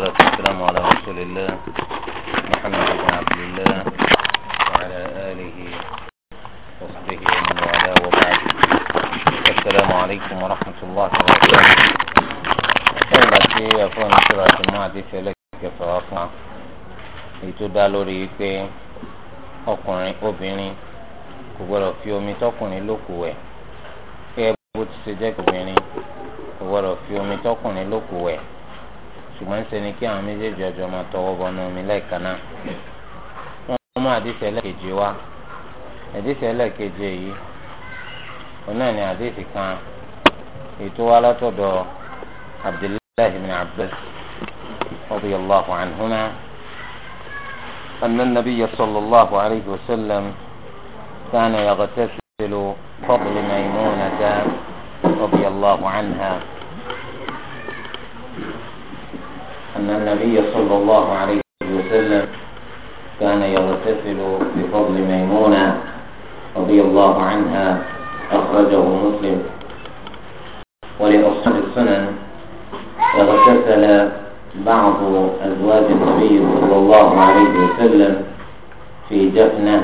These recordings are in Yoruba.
والصلاة والسلام على رسول الله محمد بن عبد الله وعلى آله وصحبه ومن والاه وبعد السلام عليكم ورحمة الله وبركاته أنا بك يا سورة المعدي فلك فأفهم يتدى لوري في ọkùnrin obìnrin kò gbọdọ̀ fi omi tọkùnrin lókù wẹ̀ kí ẹ bó ti ṣe jẹ́ kò ṣùgbọ́n ṣe ni kí àwọn méjèèjì ọjọ́ máa tọwọ́ bọnú omi lẹ́ẹ̀kan náà wọ́n mú àdìsẹ́ ẹlẹ́ẹ̀kejì wá àdìsẹ́ ẹlẹ́ẹ̀kejì yìí òun náà ni àdìsẹ́ kan ètò wa látọ̀dọ̀ abdullahi bin abbas radiyallahu anhuma anna nabiyya sallallahu alayhi wa sallam kana yaghtasilu fadli maymunata radiyallahu anha. أن النبي صلى الله عليه وسلم كان يغتسل بفضل ميمونة رضي الله عنها أخرجه مسلم ولأصحاب السنن اغتسل بعض أزواج النبي صلى الله عليه وسلم في جفنة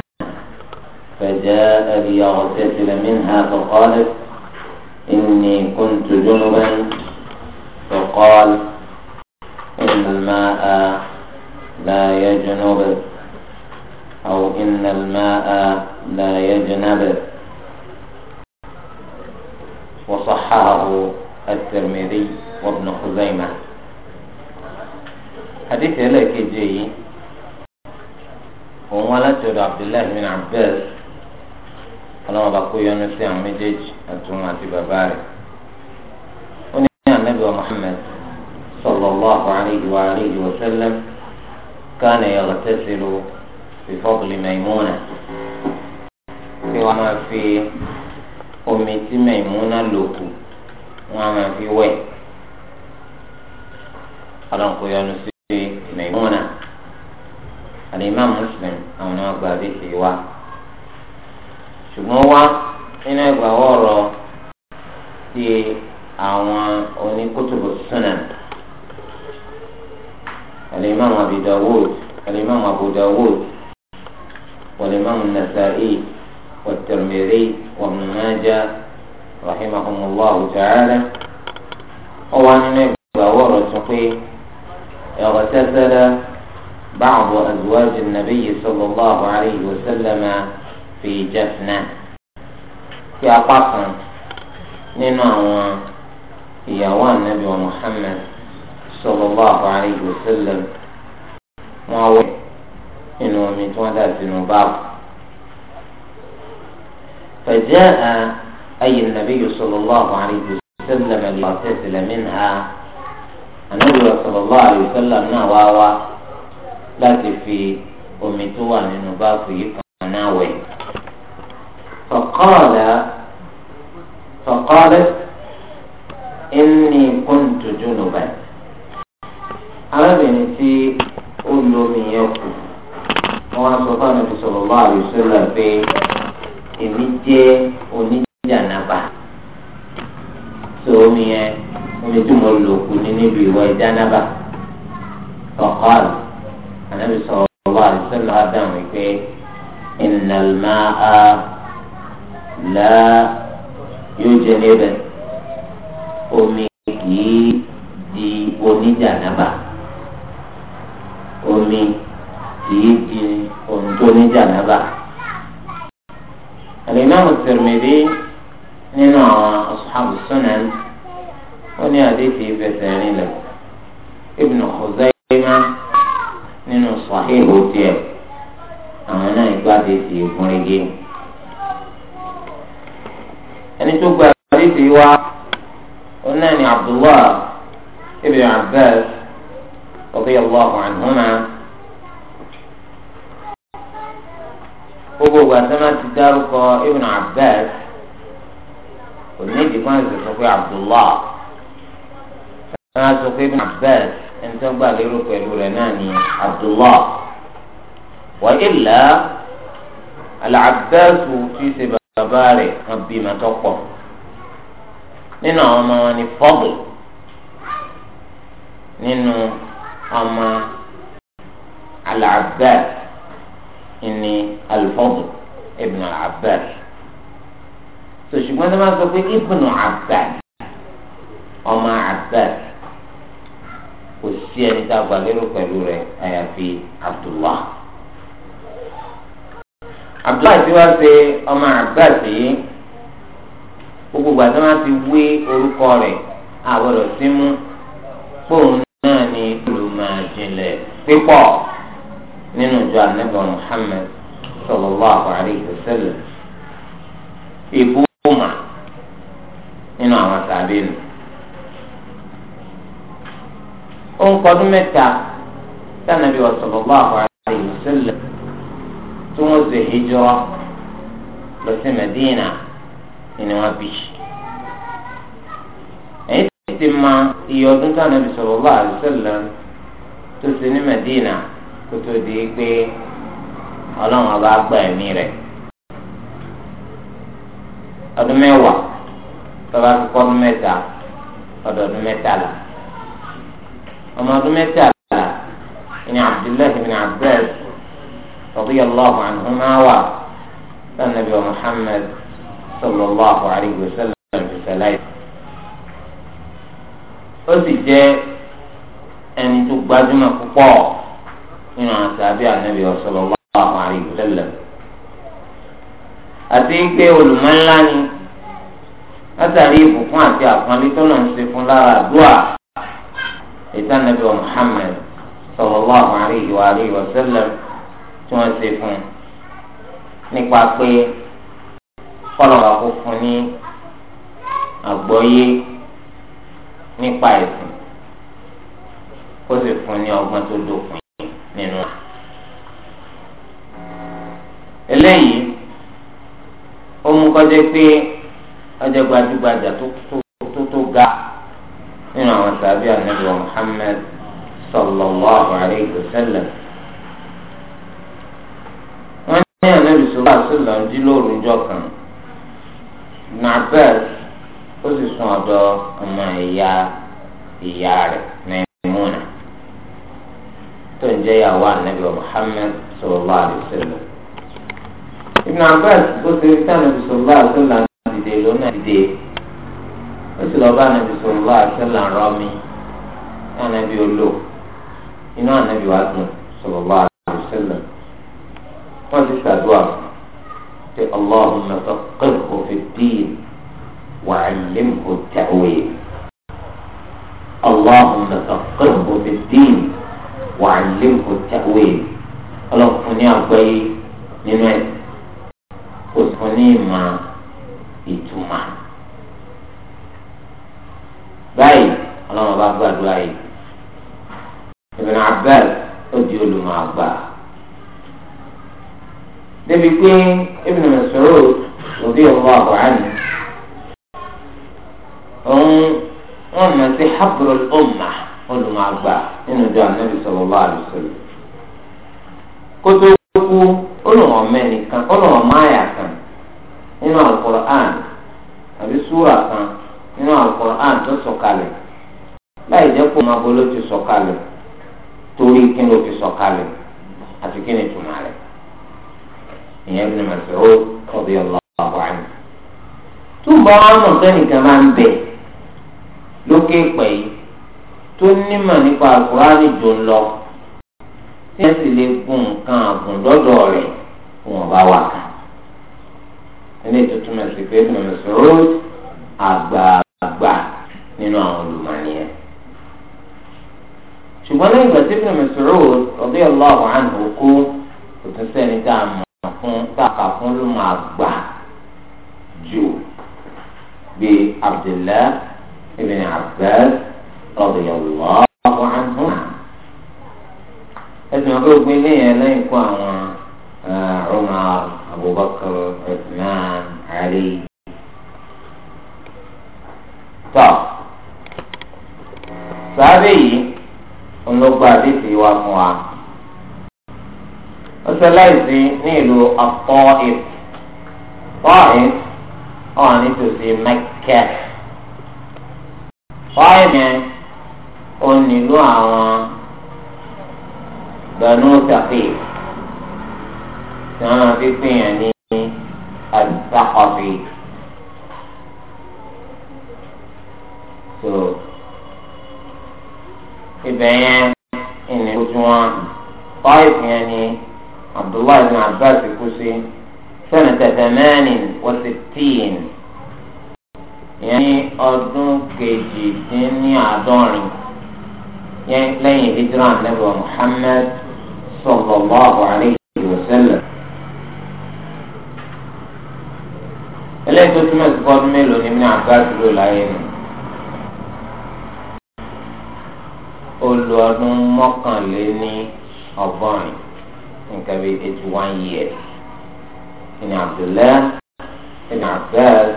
فجاء ليغتسل منها فقالت إني كنت جنبا فقال إن الماء لا يجنب أو إن الماء لا يجنب وصححه الترمذي وابن خزيمة حديث لك جي òun wá láti ọ̀dọ̀ abdullahi bin abbas ọlọ́run bá kó yọnu sí àwọn méjèèjì àtúnwò àti bàbá rẹ̀ ó ní ànábì wa muhammed صلى الله عليه وآله وسلم كان يغتسل بفضل ميمونة وما في أمة ميمونة لوكو وما في وين ألنكو ينسي ميمونة الإمام مسلم أو نوبة به وا ṣùgbọ́n wá nínú ẹgbàá ọ̀rọ̀ ti àwọn oníkótóbó sunan الإمام أبي داود الإمام أبو داود والإمام النسائي والترمذي وابن ماجه رحمهم الله تعالى هو أن ورثقي اغتسل بعض أزواج النبي صلى الله عليه وسلم في جفنة في أقاقا ننوى يوان نبي محمد صلى الله عليه وسلم وهو إنه من توالى الزنوبار فجاء أي النبي صلى الله عليه وسلم ليغتسل منها النبي صلى الله عليه وسلم نواوا لا تفي ومتوى النبات ناوي فقال فقالت إني كنت جنبا arábìnrin tí ó lo omi yẹn kù wọn á sọ fún àwọn ìṣòro bá àlùsọ́là pé èmi jẹ́ oníjànàbà tó omi yẹn omi tí mo lò kù ní níbi ìwọ ìjànàbà ọ̀kọ́ọ̀lù ànábì sọ̀rọ̀ bá àlùsọ́là dáhùn pé ìnàlmá a là yóò jẹ níbẹ̀ omi kì í di oníjànàbà omi kìí di ohun tó ní jànábà. Al-Imam Tirmidhi nínú àwọn ashabu sunan wọ́n ní àdéhìí fẹsẹ̀ rinlẹ̀ Ibn Khuzaymah nínú sahihu tiẹ̀ àwọn náà gbá àdéhìí gúnrégé. ẹni tó gba àdéhìí wa ó náà ní Abdullah ibn Abbas radiyallahu anhuma. gbogbo ìgbà tí wọ́n ti dárúkọ Ibn Abbas onídìí kan sì sọ pé Abdullah tí wọ́n sọ pé Ibn Abbas ẹni tó gbà lérò pẹ̀lú rẹ̀ náà ni Abdullah wa illa al-Abbas fi ṣe bàbá rẹ̀ kan bí màtọ́ pọ̀ nínú àwọn ọmọ wọn ni Fadl nínú ọmọ Al-Abbas ìní Al-Fadl ibn Al-Abbas so ṣùgbọ́n tó máa sọ pé ibn Abbas ọmọ Abbas kò sí ẹni tá a gbà lérò pẹ̀lú rẹ̀ àyàfi Abdullah Abdullah tí wàá ṣe ọmọ Abbas yìí gbogbo gbàtà máa ti wé orúkọ rẹ̀ àbọ̀dọ̀ símú fóun náà ni máa jinlẹ̀ pípọ̀ nínú ìjọ anábọ̀ Muhammad sallallahu alayhi wa sallam ìbú mà nínú àwọn tàbí nù. ó ń kọdún mẹ́ta tánàbí wa sallallahu alayhi wa sallam tí wọ́n ṣe hijra lọ sí Medina ni wọ́n bí ẹ̀yìn tí ti ma iye ọdún tánàbí sallallahu alayhi wa sallam. tó ṣe ní Medina kó tó di pé ọlọ́run ọba gba ẹ̀mí rẹ̀ ọdún mẹ́wàá tọ́ba ti kọ́ ọdún mẹ́ta ọdún ọdún mẹ́tàlá ọmọ ọdún mẹ́tàlá ni Abdullahi bin Abbas radiyallahu anhuma wà sanabi wa Muhammad sallallahu alayhi wa sallam fi sàlàyé ó sì jẹ́ ẹni tó gbajúmọ̀ púpọ̀ nínú àtàbí ànábì sallallahu alaihi wasallam àti pé olùmọ̀ ńlá ni látàrí ìbùkún àti àpọ́nlé tó náà ń ṣe fún lára àdúrà ìtànàbí wa Muhammad sallallahu alaihi wa alihi wasallam tí wọ́n ṣe fún nípa pé kọ́lọ́wà kó fún ní àgbọ́yé nípa ẹ̀sìn. kó sì fún ní ọgbọ́n tó dópin nínú rẹ̀. eléyìí ó mú kọjá pé ọjọ́ gbajúgbajà tó tó ga nínú àwọn sàbí ànábì Muhammad sallallahu alayhi wa wọ́n ní ànábì sọ́lá sọ́lá ń dín lóru ńjọ́ kan nàbẹ́ẹ̀sì ó sì sún ọ̀dọ̀ ọmọ ìyá jẹ́ ìyàwó ànábì Muhammad sallallahu alaihi wasallam. Ibn Abbas bó ṣe rí sáà nàbì sallallahu alaihi wasallam dìde lónà dìde ó sì lọ bá nàbì sallallahu alaihi wasallam rọmi ànábì olò inú ànábì wa dùn sallallahu alaihi wasallam wọ́n ti ṣàdúrà pé Allahumma faqqihhu fid-din wa'allimhu at-ta'wil. اللهم فقهه في الدين wà á lé kò tẹ́wé ọlọ́fun ní àgbáyé nínú ẹ̀ kò fún ní ìmọ̀ ìtumọ̀ báyìí ọlọ́run bá gbàdúrà yìí Ibn Abbas ó di olùmọ̀ àgbà débi pé Ibn Mas'ud òbí ọ̀wọ́ àbọ̀hánì òun wọn mọ̀ sí habrul ummah. olùmọ̀gbà nínú ìjọ ànábì sallallahu alaihi wasallam. kótó kú olùmọ̀mẹ́nìkan olùmọ̀máyà kan nínú àbí kan nínú Al-Qur'an tó sọ̀kalẹ̀ láì jẹ́ kó máa bolo ti sọ̀kalẹ̀ torí kí ló fi sọ̀kalẹ̀ àti kí ni ìtumọ̀ rẹ̀ ìyẹn Ibn Mas'ud radiyallahu anhu. túbọ̀ máa ń bẹ̀ lókè pẹ̀yì. tó nímọ̀ nípa àkùránì jò ń lọ tí ẹ sì lè gun nǹkan àgùn lọ́dọ̀ rẹ̀ wọn bá wà ká. ilé tuntun mọ̀ sí pé mọ̀ sọ̀rọ̀ àgbààgbà nínú àwọn olùmọ̀nìyàn. ṣùgbọ́n lẹ́yìn ìgbà tí Ibn Mas'ud radiyallahu anhu kú kò tún sẹ́ni tá a mọ̀ fún tàkà fún ló máa gbà jù bíi Abdullah ibn Abbas radiyallahu anhum. ẹ̀sìn ọ̀gbẹ́ ògbìn ilé yẹn lẹ́yìn kó àwọn eh, Umar Abubakar Uthman Ali. tọ́ sáábẹ̀ yìí ọlọ́gbà àdìsí wa fún wa. ó sọ láìsí ní ìlú ọ̀pọ̀ ìfọ̀. Taif ọ̀hún nítòsí Mẹ́kẹ́. Taif yẹn ó nílò àwọn gbanú tàfé tí wọ́n máa fi pín yàn ní àdìsákọ̀fé. so ibẹ̀ yẹn. hijrah nabi muhammad sallallahu alayhi wa sallam. eléyìí tó túmọ̀ sí fọ́ọ̀dún mélòó ni Ibn Abbas lò láyé nù. ó lo ọdún mọ́kànléní ọgọ́rin nǹkan bíi eighty one years. Ibn Abdullah Ibn Abbas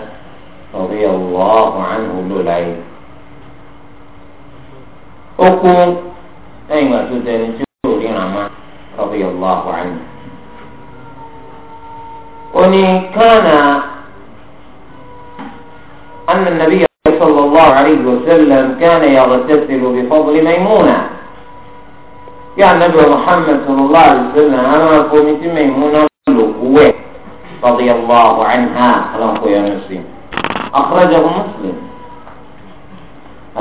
radiyallahu anhu lò láyé. ó kú. أي ìgbà tó dẹni tí ó ríran mọ́ radiyallahu anhu. oní أن النبي صلى الله عليه وسلم كان يغتسل بفضل ميمونة يعني النبي محمد صلى الله عليه وسلم أنا أقول ميمونة لقوة رضي الله عنها خلقه يا مسلم أخرجه مسلم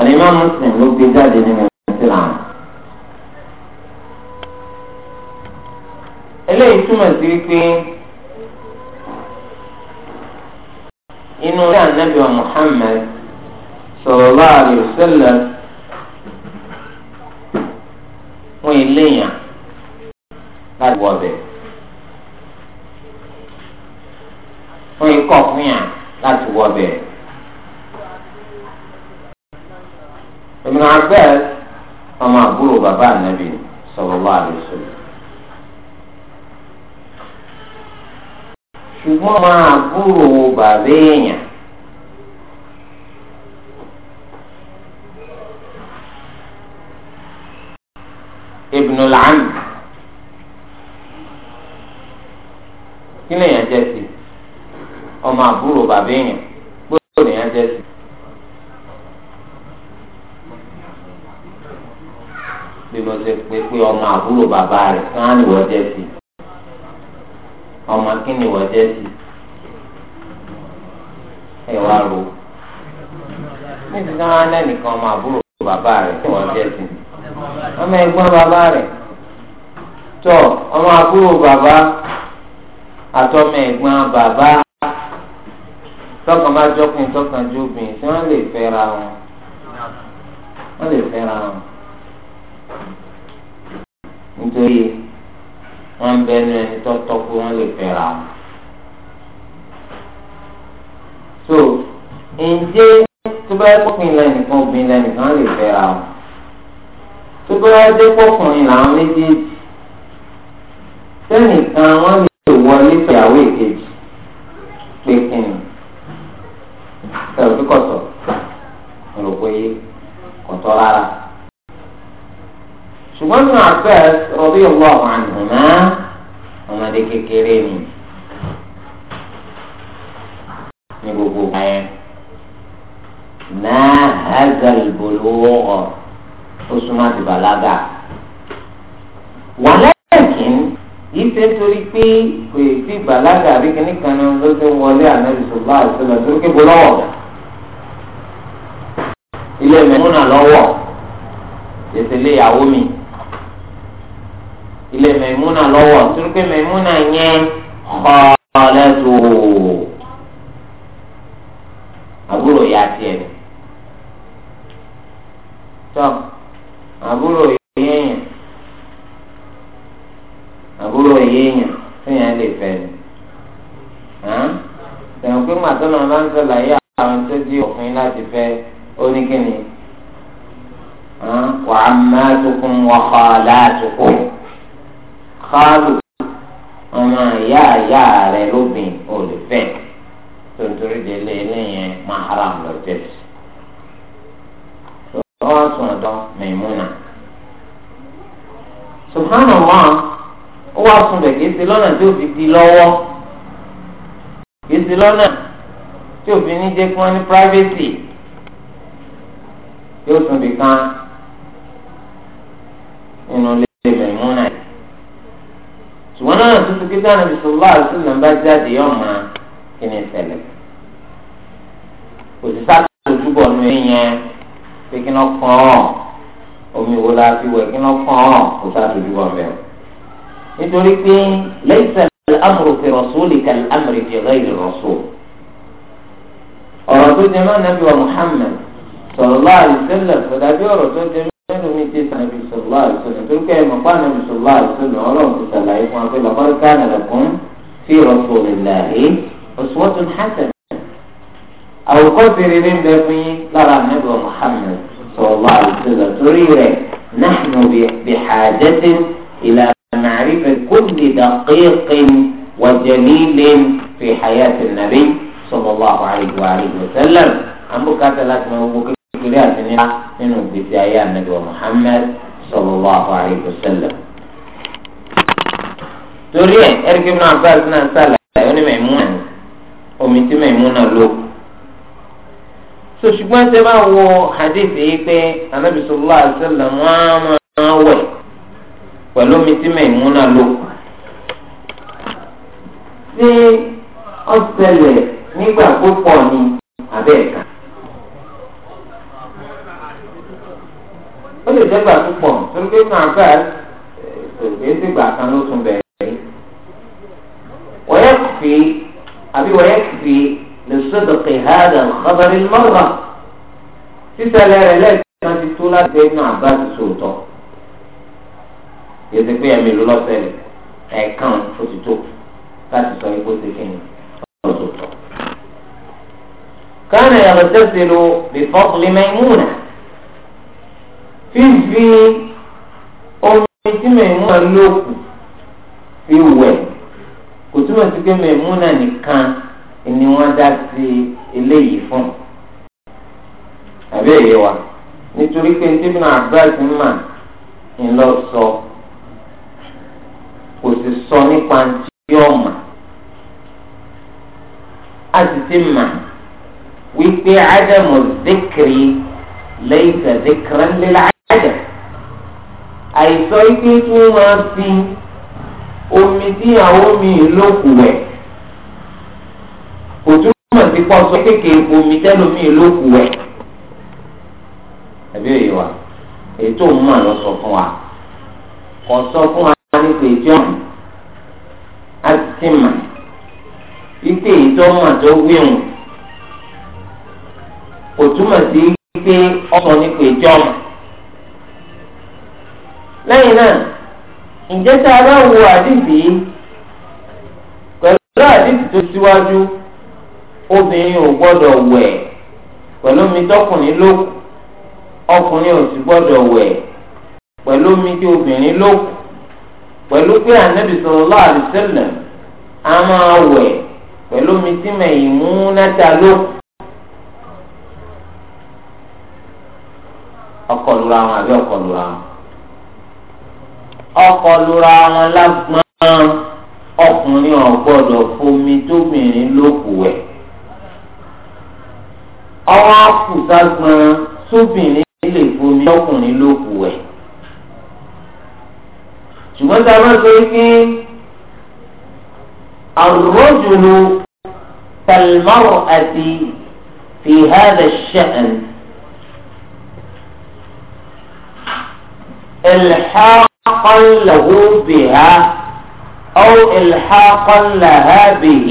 الإمام مسلم لو بزاد من السلام eléyìí túmọ̀ sí wípé inú ilé ànábì wa Muhammad sallallahu alaihi wasallam fún iléyàn láti wọ ọbẹ̀ fún ikọ̀ fún yàn láti wọ ọbẹ̀. Ibn Abbas ọmọ àbúrò bàbá ànábì sallallahu alaihi wasallam. ṣùgbọ́n máa búrò bàbá èèyàn. ibnu làn kí ni èèyàn jẹ sí ọmọ àbúrò bàbá èèyàn gbọ́dọ̀ èèyàn jẹ sí. bí mo ṣe pé pé ọmọ àbúrò bàbá rẹ̀ kí wọ́n á nìwọ́ jẹ sí. kí ni wọ́n jẹ́ sí ẹ wá ro níbi tí nìkan ọmọ àbúrò bàbá rẹ̀ tí wọ́n ọmọ ẹ̀gbọ́n bàbá rẹ̀ tó ọmọ àbúrò bàbá àtọmọ ẹ̀gbọ́n bàbá tọkàn bá jọkùn tọkàn jóbìn tí fẹ́ra wọn lè wọ́n ń bẹnu ẹni tọ́tọ́ pé wọ́n lè fẹ́ ra wọn. so ǹjẹ́ tó bá yẹ kókùnrin lẹ́nìkan obìnrin lẹ́nìkan lè fẹ́ ra wọn tó bá yẹ dé kókùnrin làwọn méjèèjì sẹ́nìkan wọ́n lè wọlé fẹ̀yàwó èkejì pé kí ni ẹ̀rọ kíkọ̀ sọ̀ ẹ̀rọ pé kọ̀tọ́ rárá ṣùgbọ́n nínú àfẹ́ rọ̀bí ọ̀gbọ́n àwọn àná mọ́ ọmọdé kékeré ni ní gbogbo ayẹ náà hagal bolówó ọ ó súnmọ́ àti bàlágà wàlẹ́ ẹ̀kín yìí ṣe torí pé kò sí bàlágà àbí kíní kan ní ló ṣe wọlé ànábì sọlá àṣẹlẹ torí pé bolówó ilé mẹ́múnà lọ́wọ́ ètò ilé ìyàwó mi ilé mẹ̀múnà lọ́wọ́ torí pé mẹ̀múnà yẹn khalatu àbúrò ya tiẹ̀ ni. tọ́ àbúrò yéèyàn àbúrò yéèyàn fẹ́yàn lè fẹ́ ni. tẹ̀wọ̀n pé màtọ́nà máa ń sọ̀làyé àwọn tó di òfin láti fẹ́ oníkíni. wàhámà tó kún wàhálà tó kálù ọmọ ìyá ìyá rẹ lóbìn ò lè fẹ́ tontorí délé eléyẹn maharam lọ sí. wọ́n sùn ọ̀dọ́ mẹ́múnà. subhanallah ó wá sùn bẹ̀ kìí ṣe lọ́nà tí ó fi di lọ́wọ́ kìí lọ́nà tí ó fi ní jẹ́ kí wọ́n ní privacy yóò sùn bìkan. tó ké dáná bìtò láàrú tó nà bá jáde yọ ọmọ kí ni ṣẹlẹ̀ òṣìṣẹ́ àtúntò nù yẹn pé kí ni ọkàn ọ̀ omi wo la fi wẹ̀ kí ni ọkàn ọ̀ kò àtúntò bọ̀ mẹ́ nítorí pé lẹ́yìn sẹ́lẹ̀ amúrò fi rọ̀sùn lè kàlí amúrò fi rẹ́ ìrì rọ̀sùn tó jẹ́ mọ́ nàbí wa Muhammad sọ̀rọ̀ láàrú sẹ́lẹ̀ fọ̀dàbí ọ̀rọ̀ tó jẹ́ nínú mi ti sàn ibi sọ̀rọ̀ àìsàn torí pé ẹ̀mọ̀ bá nàbì sọ̀rọ̀ àìsàn ọlọ́run ti sàlàyé fún wa pé lọ́kọ́rí káàdà lẹ́kùn sí ìrọ̀pọ̀ ìlàyé òṣùwọ́tò hasan. àwòkọ́ ti rí ní bẹ́ẹ̀ fún yín lára nàbì Muhammad sọ̀rọ̀ àìsàn torí rẹ̀ nàánú bí xaajẹ́tì ìlà màrífẹ̀ kúndì dàqíqin wàjẹ̀lílin fi xayàtì nàbí sọ̀rọ̀ àìsàn àìsàn kékeré àti nílá nínú ìgbésí ayé ànábì wa Muhammad sallallahu alayhi wa sallam. torí ẹ ẹrìkì náà báyìí náà sàlàyé ó ní Maimuna ní omi tí Maimuna lò. so ṣùgbọ́n ṣe bá wo hadith yìí pé ànábì sallallahu alayhi wa sallam wọ́n máa wẹ̀ pẹ̀lú omi tí Maimuna lò. ṣé ọ̀sẹ̀lẹ̀ nígbà púpọ̀ ni abẹ́ẹ̀ka. ó lè dẹ́gbà tó pọ̀ torí pé kàn án báyìí kò sí gbà kan ló tún bẹ̀rẹ̀. ويكفي أبي ويكفي لصدق هذا الخبر المرة sísẹlẹ rẹ lẹ́ẹ̀kan ti tó láti inú àbá ti sòótọ́ yẹtí pé ẹ̀mí ló lọ́sẹ̀lẹ̀ ẹ̀ẹ̀kan ó ti tó láti sọ ipò ti kí ni ọ̀rọ̀ sòótọ́. كان يغتسل بفضل ميمونة fífi omi tí mẹ̀múnà lókù fi wẹ̀ kò túmọ̀ sí pé mẹ̀múnà nìkan ni wọ́n dá sí eléyìí fún àbí èyí wa nítorí pé tí Ibn ń mà ń lọ sọ kò sì sọ nípa ti ó a sì ti mà wípé ádámù zikiri lẹ́yìn àìsàn ike tí wọ́n máa fi omi tíyàwó mi lókù wẹ̀ kò túmọ̀ sí pọ̀ sọ omi tẹ́lómi lókù wẹ̀ ẹ̀bí òye wa ètò lọ sọ fún wa kò sọ fún wa a ti mà tó wíwùn kò túmọ̀ sí ọ̀sán lẹ́yìn náà ǹjẹ́ tá a bá wo àdìsí pẹ̀lú àdìsí tó síwájú obìnrin ò gbọ́dọ̀ wẹ̀ pẹ̀lú omi tọkùnrin ló ọkùnrin ò sì gbọ́dọ̀ wẹ̀ pẹ̀lú omi tí obìnrin ló pẹ̀lú pé ànábì sallallahu alaihi wasallam a máa wẹ̀ pẹ̀lú omi tí mẹ̀yìn mú náta ló ọkọ̀ lura wọn àbí ọkọ lura wọn lágbọ́n ọkùnrin ò gbọ́dọ̀ fomi tóbìnrin lókù ẹ̀ ọwọ́ àkùsà gbọ́n sóbìnrin lè fomi ọkùnrin lókù ẹ̀ ṣùgbọ́n a bá sọ pé àròjùlù tàlmọ́rọ̀ àti fìhádà ṣẹ́ẹ̀n. الحاق إلحاقا له بها أو إلحاقا لها به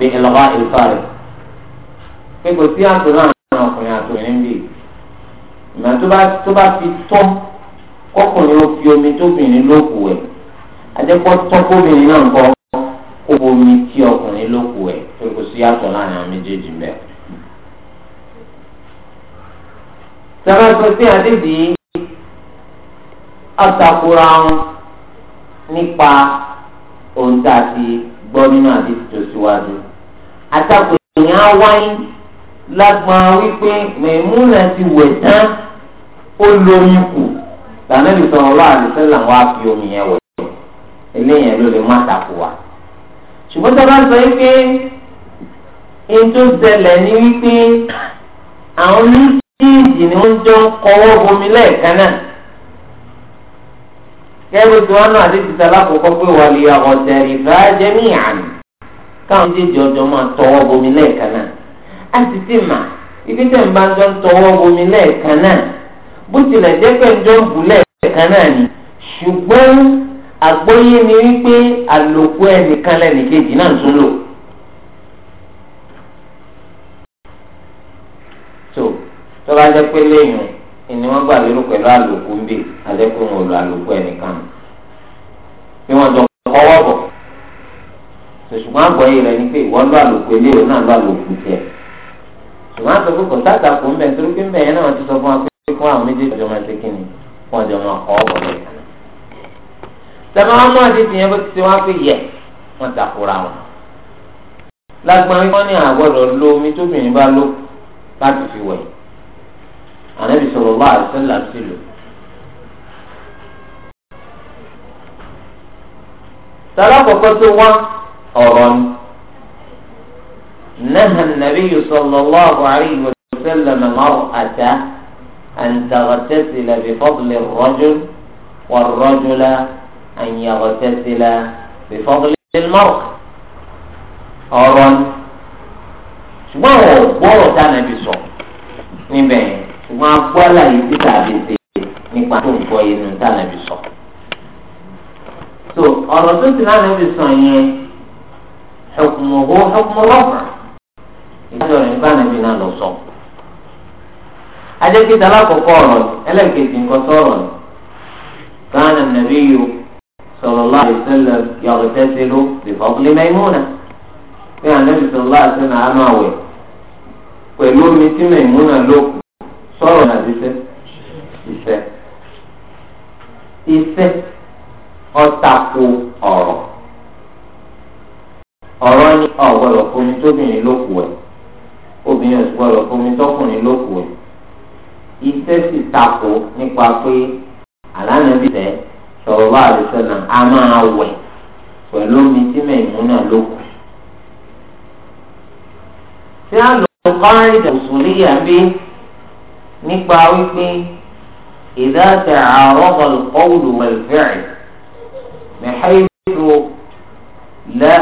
بإلغاء الفارق kéko sí àtúnà àwọn ọkùnrin àtòrin bíi ìmọ̀ tó bá tó bá fi tọ́ kọkùnrin ó fi omi tóbìnrin lókù ẹ̀ adẹ́pọ̀ tọ́ kóbìnrin náà kọ́ kó omi tí ọkùnrin lókù ẹ̀ kéko sí àtúnà àwọn méjèèjì mẹ́ẹ̀. sábà sọ sí àdéhìí àtakùrà wọn nípa ohun tá a ti gbọ́ nínú àdìsí tó síwájú. àtakùrà yẹn á wáyé lágbọn wípé mẹ̀múnà ti wẹ̀ tán ó lóyún kù tànàbí sọ̀rọ̀ lọ́wọ́ àdìsẹ́là wọn á fi omi yẹn wẹ̀ eléyẹn ló lè má takò wá. ṣùgbọ́n tó bá sọ wípé ètò ìṣẹ̀lẹ̀ ni wípé àwọn méjèèjì ni wọ́n jọ kọ́wọ́ bomi lẹ́ẹ̀kan náà kẹ́rù tí wọ́n náà àdéhùn ti alákòókò pé wà lè àwọn tẹ̀rì bá jẹ́mí àná káwọn méjèèjì ọjọ́ máa tọwọ́ bomi lẹ́ẹ̀kan náà á sì ti mà ibi tẹ̀ ń bá jọ ń tọwọ́ bomi lẹ́ẹ̀kan náà bó tilẹ̀ jẹ́ pé ń jọ ń bù lẹ́ẹ̀kan náà ni ṣùgbọ́n àgbọ́yé ni wípé àlòkù ẹnìkan lẹ́nìkejì náà tún lò. tó tọ́ba jẹ́ pé lẹ́yìn ni wọ́n gbà lérò pẹ̀lú àlòkù ń bè àdẹ́kùn wọn lò àlòkù ẹnìkan bí wọ́n jọ kọ́wọ́ bọ̀ ṣùgbọ́n àgbọ̀yé rẹ̀ ni pé ìwọ́n lọ àlòkù eléyìí náà lọ àlòkù tiẹ̀ ṣùgbọ́n àti pé kò sáàtà kò ń bẹ̀ torí pé mẹ́yẹn náà ti sọ fún wa pé fún àwọn méjèèjì ọjọ́ máa ṣe kí ni fún ọjọ́ máa kọ́ ọ̀bọ̀ lẹ́yìn kan. sẹ́mi wọn máa ti tìyẹn bó ti ṣe wá pé yẹ wọ́n takora wọn. lágbọ́n wọn ní àgbọ̀dọ̀ lo omi tóbìnrin ànábì sallallahu alaihi wasallam sí lò. tọ́lá kọ̀kọ́ tó wá ọ̀rọ̀ ni. نهى النبي صلى الله عليه وسلم مرأة أن تغتسل بفضل الرجل والرجل أن يغتسل بفضل المرأة ọ̀rọ̀ ni ṣùgbọ́n àwọn ọ̀gbọ́rọ̀ tá a nàbì sọ níbẹ̀ yẹn ṣùgbọ́n agbọ́ àlàyé tí tàbí ṣe nípa tó ń gbọ́ inú tànàbí sọ. so ọ̀rọ̀ tó ti náà níbi sọ yẹn hukmuhu hukmu lọ́fà ìdájọ́ rẹ̀ nípa níbi náà lọ sọ. ajẹ́ kí dàlá kọ̀kọ́ ọ̀rọ̀ ẹlẹ́kẹ̀ẹ́sì sọ̀rọ̀ ni كان النبي صلى الله عليه وسلم يغتسل بفضل ميمونة يعني النبي الله عليه وسلم أماوي pẹ̀lú omi tí mẹ̀múnà lókun Oh, e. e, e. sọ̀rọ̀ na ti fẹ́ ìfẹ́ ìfẹ́ ọ̀tàkù ọ̀rọ̀ ọrọ ní ọ̀gbọ́dọ̀ fomi tóbìnrin lókù ẹ̀ obìnrin ọ̀gbọ́dọ̀ fomi ni lókù ẹ̀ ìfẹ́ sì takò nípa pé àlànàbí rẹ̀ sọ̀rọ̀ wá àlùsọ̀nà a máa wẹ̀ pẹ̀lú omi nípa wípé idha ta'arada al-qawlu wal-fi'l bihaythu la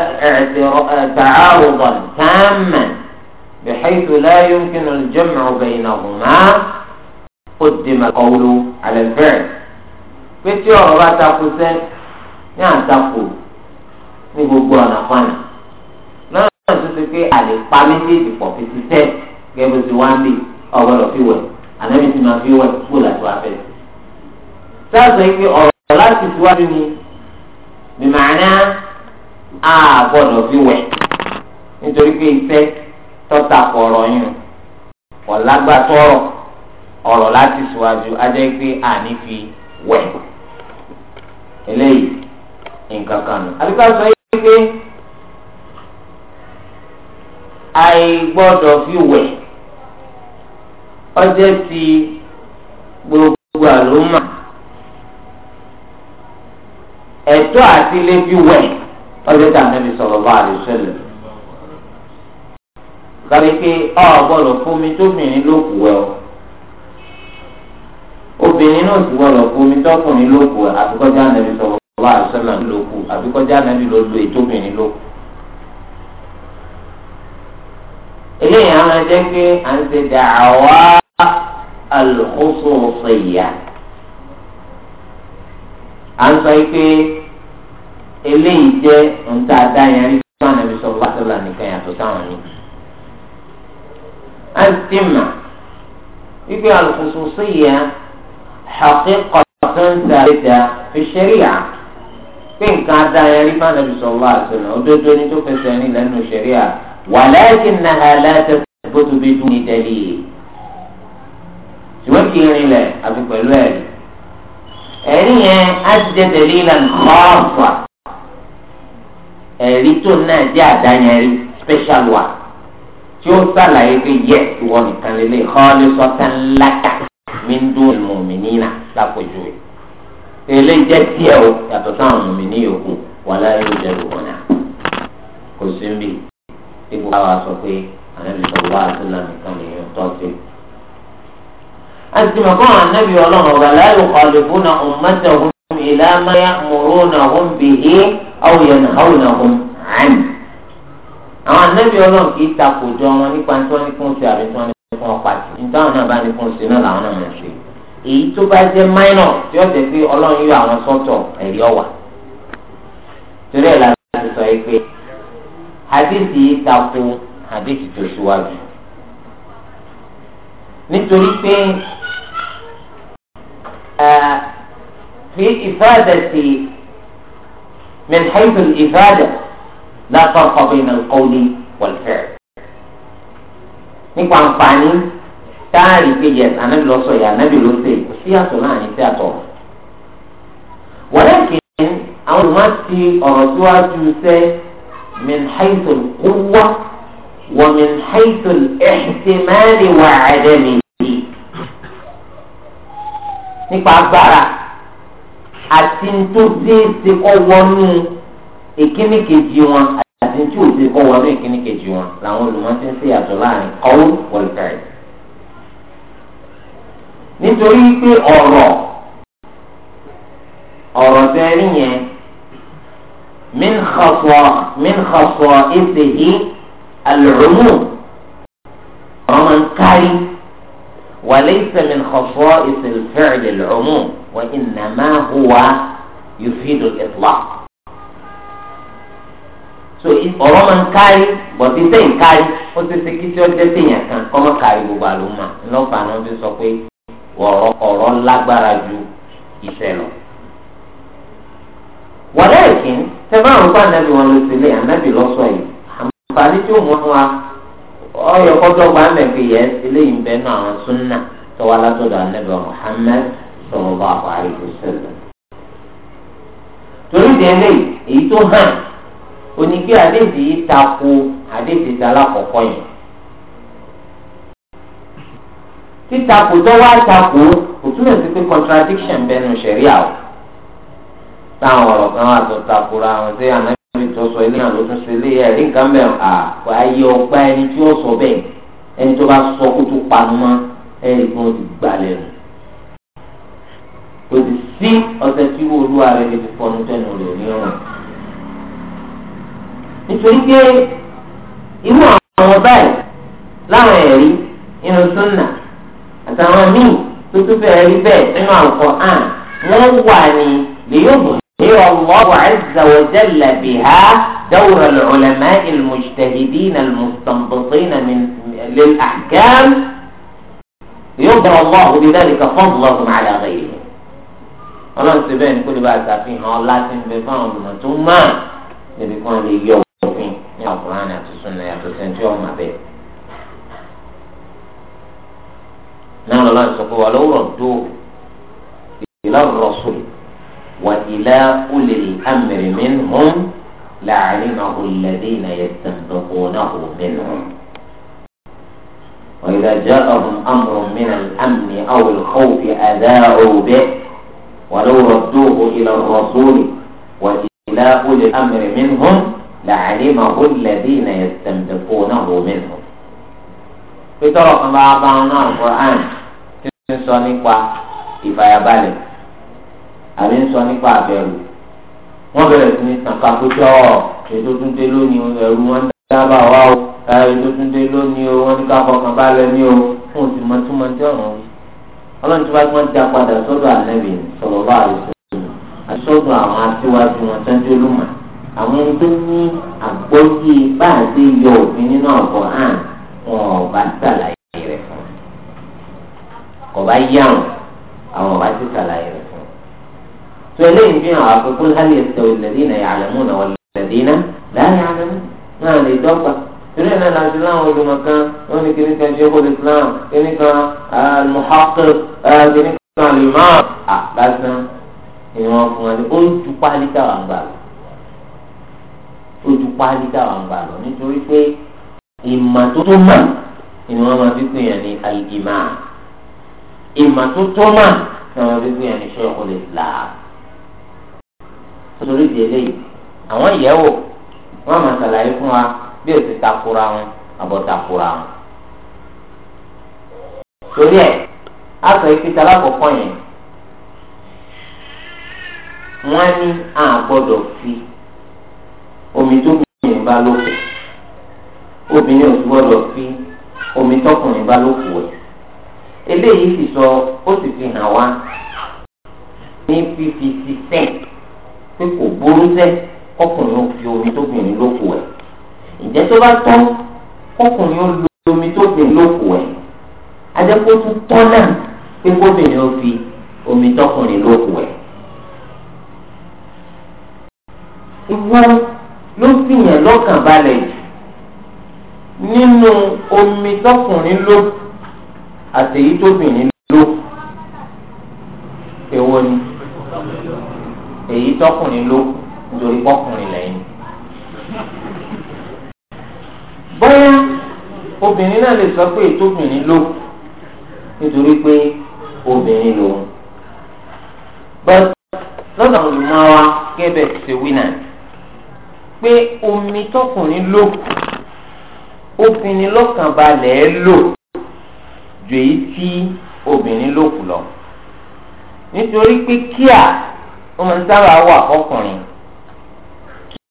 ta'arudan tamman bihaythu la yumkinu al-jam'u baynahuma qaddima takú sẹ́ qawlu 'ala al-fi'l pé tí ọ̀rọ̀ bá takò sẹ́ ní àtakò ní gbogbo ọ̀nà fana lọ́nà tó ti pé àlè pa méjèèjì pọ̀ fi ti sẹ́ gẹ́gẹ́ bó ti wá ń bì ọ̀gbọ́dọ̀ fi wẹ̀. ànábì tí máa fi wẹ̀ kó láti wá fẹ́. sáàsì pé ọ̀rọ̀ láti fi wá mímu bìmọ̀nà á gbọ́dọ̀ fi wẹ̀ nítorí pé iṣẹ́ tọ́ta kọ̀ọ̀rọ̀ yìí ọ̀lágbá tọ́rọ̀ ọ̀rọ̀ láti síwájú ajẹ́ pé àní fi wẹ̀ eléyìí nǹkan kan nù. àbíká sọ yìí pé àìgbọ́dọ̀ fi wẹ̀ ọjẹ́ ti gbogbo àlùmọ́ ẹ̀tọ́ àti ilé fi wẹ̀ ọjẹ́ tí ànábi sọ̀rọ̀ bá àlè sẹ́lẹ̀. Gbàgbé pé ọ gbọ́dọ̀ fún mi tóbìnrin ló kù ẹ o. Obìnrin náà sì gbọ́dọ̀ fún mi tọkùnrin ló kù ẹ àbíkọ́jà ànábi sọ̀rọ̀ bá àlè sẹ́lẹ̀ ló kù àbíkọ́jà ànábi ló lu ètóbìnrin ló kù. eléyìí àwọn ẹjẹ pé à ń ṣe dàwà الخصوصية عن طيب اللي جاء انت عدان يعني سبحان نبي صلى الله عليه وسلم كان يتطاني عن تم يبقى الخصوصية حقيقة ثابتة في الشريعة كان قاعدة يعرفها النبي صلى الله عليه وسلم وتدوني تفسرني لأنه شريعة ولكنها لا تثبت بدون دليل ṣùgbọ́n kì í rinlẹ̀ àti pẹ̀lú ẹ̀rí ẹ̀rí yẹn á jẹ́ tẹ̀lé ìlànà kọ́ọ̀fà ẹ̀rí tó náà jẹ́ àdáyẹn rí special one tí ó sàlàyé pé yẹ ìwọ nìkan lè lè xọ́ọ́lì sọ́tàn lákà mí ń dún ìmọ̀mìnira lápòjú rẹ̀ tẹ̀lé jẹ́ tiẹ̀ o yàtọ̀ sáwọn mọ̀mìnì yòókù wà láyé ìjẹ́ ìwọ̀n náà kò sí ń bì ipò káwa sọ pé àwọn ẹ̀mí sọ̀rọ̀ wá àtúnlá nìkan lè yàn tọ́ asitima kọ́ àwọn anabi ọlọ́run ọba la yukhalifuna ummatahum ila ma ya'murunahum bihi aw yanhawnahum anhu. àwọn anabi ọlọ́run kì í takò jọ wọn nípa tí wọ́n ní kí wọ́n ṣe àbí tí wọ́n ní kí wọ́n pàṣẹ. nígbà náà bá ní kí ṣe náà làwọn náà máa ṣe. èyí tó bá jẹ́ minor tí ó jẹ́ pé ọlọ́run yọ àwọn sọ́tọ̀ ẹ̀rí ọ̀wà. torí ẹ̀ ti sọ yìí pé hadith yìí takò hadith tó ṣíwájú. في إفادة من حيث الإفادة لا فرق بين القول والفعل نقوى أنفاني تاري في جيس أنا بلوسو يا نبي لوسي وشيها سنعني سياتو ولكن أول ما تي أرسوا من حيث القوة ومن حيث الاحتمال وعدمه nípa agbára àti tó déése kọ́ wọnú èkíní kejì wọn àti tí ò ṣe kọ́ wọnú èkíní kejì wọn làwọn olùmọ̀ ti ń ṣe yàtọ̀ láàrin kọ́wó wọ̀lùkàrì. nítorí pé ọ̀rọ̀ ọ̀rọ̀ tẹ́ rí yẹn min xasọ̀ min xasọ̀ ìsèhí alùmù ọ̀rọ̀ máa ń وليس من خصائص الفعل العموم وإنما هو يفيد الإطلاق so ọ̀rọ̀ máa ń kárí bọ̀dé tẹ̀ ń kárí ó ti ṣe kí tí ó jẹ́ tèèyàn kan kọ́ máa kárí gbogbo àlùmọ́ ńlọ́fà náà fi sọ pé ọ̀rọ̀ lágbára ju iṣẹ́ lọ. wàlẹ́ ìkín tẹ́ bá ń pa ànábì wọn lọ sílé ànábì lọ́sọ̀ yìí àǹfààní tí ó mú wa ọyọ kọjọ gba ń bẹ̀gbẹ̀ yẹn eléyìí ń bẹ nù àwọn súnà tọwọ́ alátọ́dọ̀ anábẹ́ Muhammad sallallahu alaihi wasallam. torí délé èyí tó hàn onígbé àdéhìí yìí tako àdéhìí ti alákọ̀ọ́kọ́ yẹn. títakò tọwọ́ àtakò kò túmọ̀ pé contradiction bẹnu ṣẹ̀ríà o. táwọn ọ̀rọ̀ wà tó takora àwọn tí àná ọkùnrin tó sọ ilé yàn ló tún ṣe ilé yẹn rí nǹkan bẹ́ẹ̀ à ayé ọgbà ẹni tí ó sọ bẹ́ẹ̀ ẹni tó bá sọ kó tó pamọ́ ẹni tó ti gbalẹ̀ nù. kò sì sí ọ̀sẹ̀ tí wo olúwa rẹ̀ lè fi fọnú tẹnu rẹ̀ nírùn. nítorí pé irú àwọn báyìí láwọn ẹ̀rí inú súnà àtàwọn míì tó tún fẹ́ẹ́ rí bẹ́ẹ̀ nínú àlùkò àn wọ́n wà ní lè yóò bọ̀ هي الله عز وجل بها دور العلماء المجتهدين المستنبطين من للأحكام يبرى الله بذلك فضله على غيره الله سبحانه كل بعد تعفين الله سبحانه بفهم ثم يبقون لي يوم فين يا القرآن يا السنة يا السنة يوم نعم الله سبحانه ولو ردوا الرسول وإلى أولي الأمر منهم لعلمه الذين يستنبطونه منهم وإذا جاءهم أمر من الأمن أو الخوف أذاعوا به ولو ردوه إلى الرسول وإلى أولي الأمر منهم لعلمه الذين يستنبطونه منهم في طرق بعض القرآن تنسوني ìfàyàbalẹ̀ àbí ń sọ nípa àbẹ̀rù wọ́n bẹ̀rẹ̀ sí ní tàǹkà pẹ́tọ́ ètò túndé lónìí ẹ̀rù wọn dábà wá o ètò túndé lónìí o wọ́n ní ká fọkàn balẹ̀ ní o fún òsì mọ́túmọ́ tí ọ̀ràn wí. ọlọ́run tí wọ́n ti wọ́n já padà sọ́dọ̀ àlẹ́bí sọ̀rọ̀ bá àlùsọ̀ àṣọ́gun àwọn aṣíwájú wọn tẹ́jú lùmọ̀ àwọn ẹni tó ní àgbọ́yé bá a ṣe yọ òfin nínú ọ̀pọ̀ hàn wọn ò bá ṣàlàyé rẹ̀ fún un kò bá yá wọn àwọn ò bá ti فلين فيها عفو قل هل يستوي الذين يعلمون والذين لا يعلمون ما لي دوقة ترينا الإسلام وإلى مكان وإن كنت شيخ الإسلام إن كان المحقق إن كان الإمام أحبسنا ìwọ̀n fún wa ju páálí táwa ń gbà lọ ó ju páálí táwa ń gbà lọ nítorí pé ìmọ̀ tó tó mà ni máa fi pè yàn ní al-imam tó tó mà ni máa fi pè yàn ní shaykhul islam nítorí di eléyìí àwọn ìyẹ̀wò wọ́n máa ṣàlàyé fún wa bí o ti takura wọn àbọ̀ takura wọn. torí ẹ̀ a sọ ìpìtà alákọ̀ọ́kọ́ yẹn wọ́n ní a gbọ́dọ̀ fi omi tó kùnrin bá lókè obìnrin ò sì gbọ́dọ̀ fi omi tọkùnrin bá lókè wẹ̀ eléyìí sì sọ ó sì fi hàn wá ní fífi sísẹ́ǹtì pé kò burú sẹ́ kọkùnrin ó fi omi tóbìnrin lóko ẹ̀ ǹjẹ́ tó bá tọ́ kọkùnrin ó lo omi tóbìnrin lóko ẹ̀ adẹ́kó tún tọ́ náà pé kóbìnrin ó fi omi tọkùnrin lóko ẹ̀. ìwọ ló sì yàn lọ́kàn balẹ̀ jù nínú omi tọkùnrin lóko àtẹ̀yí tóbìnrin lóko èwo ni èyí tọkùnrin ló nítorí pọkùnrin lẹ́yìn. bóyá obìnrin náà lè sọ pé ètòbìnrin ló nítorí pé obìnrin lòun. bọ́t lọ́dọ̀ olùmọ̀ wa gẹ́bẹ̀ ṣe wí náà pé omi tọkùnrin ló obìnrin lọ́kànbalẹ̀ lò ju èyí tí obìnrin lò kù lọ nítorí pé kíá ó máa ń sábà wà fọkùnrin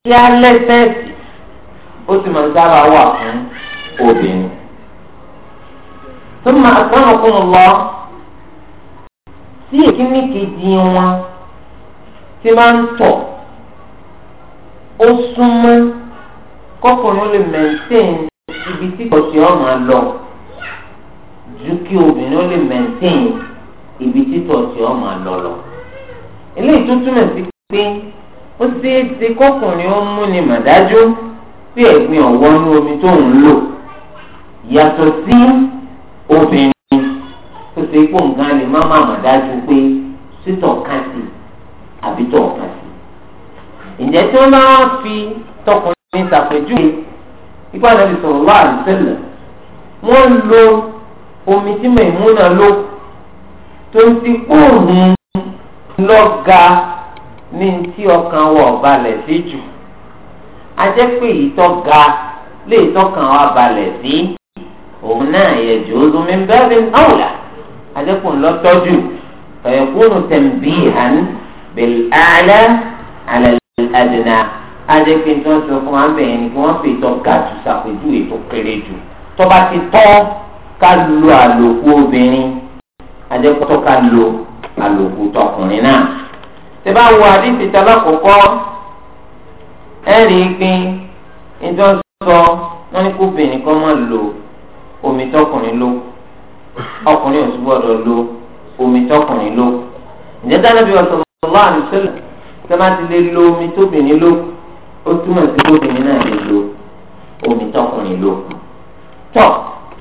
kí á lẹ́sẹ̀ẹ̀sì ó sì máa ń sábà wà fún obìnrin. tó máa sọ̀rọ̀ fún un lọ sí ìkíní kejì wọn tí máa ń tọ̀ ó súnmọ́ kọkùnrin lè mẹ́ńtẹ́ẹ̀n ibi tí ìtọ̀sí ọ̀ràn lọ ju kí obìnrin lè mẹ́ńtẹ́ẹ̀n ibi tí ìtọ̀sí ọ̀ràn lọ lọ ilé ìtútúmọ̀ sí pé ó ṣeé ṣe kọkùnrin ó mú ni màdájú bí ẹ̀gbin ọ̀wọ́ omi tó ń lò yàtọ̀ sí obìnrin ó ṣe pé nǹkan lè má má màdájú pé títọ̀ kan àbí tọ̀ kan ǹjẹ́ tí wọ́n bá fi tọkùnrin ṣàpèjúwe ipá náà fi sọ̀rọ̀ wá àlùsẹ́lẹ̀ wọ́n lo omi tí mẹ̀múnà lò tó ń ti kóòrùn lọ́ga ní tí ọkàn wọ̀ balẹ̀ sí jù ajẹ́ pé ìtọ́ga lè tọ́kàn wa balẹ̀ sí òun náà yẹ jù ú lómi bẹ́ẹ̀ ni ọ̀la ajẹ́ pé ńlọ́tọ́jú fẹ̀yẹ̀kúrú tẹ̀m̀bí hàn bẹ̀lẹ́ alẹ́ àdìnnà ajẹ́ pé tí wọ́n sọ wa bẹ̀yẹn ni kí wọ́n fi ìtọ́ga jù sàpèjúwe tó kéré jù tọ́ba ti tọ́ ká lu àlòkù obìnrin adékòtò ká lo àlòkù tọkùnrin náà tí bá wo àdìsí tẹlẹkọkọ ẹ rí i pé ìjọ sọ wọn ní kóbìnrin kan máa lo omi tọkùnrin ló ọkùnrin ò sì gbọ́dọ̀ lo omi tọkùnrin ló ǹjẹ́ dánábì ọ̀sán ọlọ́wà ní sẹ́lẹ̀ tí wọ́n bá ti lè lo omi tóbìnrin ló ó túmọ̀ sí kóbìnrin náà lè lo omi tọkùnrin ló. tọ́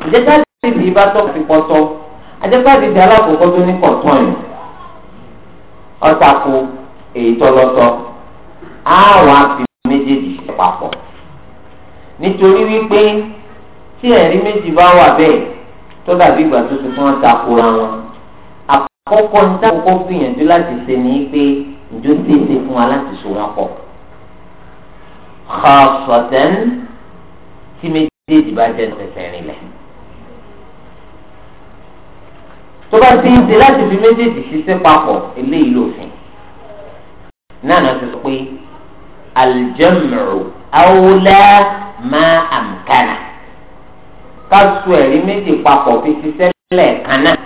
ǹjẹ́ dánábì ìbátọ́ fi pọ́tọ́ adépa ti di alákòókò tó ní kọ̀tún yìí ọ̀tàkù èyí tọ́lọ́tọ́ àwọn afi méjèèjì ṣe papọ̀ nítorí wípé tí ẹ̀rí méjì bá wà bẹ́ẹ̀ tó dàbí ìgbà tó ti fún wọn takora wọn àkọ́kọ́ ní takoko gbìyànjú láti ṣe ní pé ìjọ tí fún wa láti so wọn pọ̀ tí méjèèjì bá jẹ́ ní fẹsẹ̀ tó bá ti ń se láti fi méjèèjì ṣiṣẹ́ papọ̀ eléyìí lòfin náà náà ti sọ pé aljamru awla ma amkana ká so ẹ̀rí méjì papọ̀ fi ṣiṣẹ́ lẹ́ẹ̀kan náà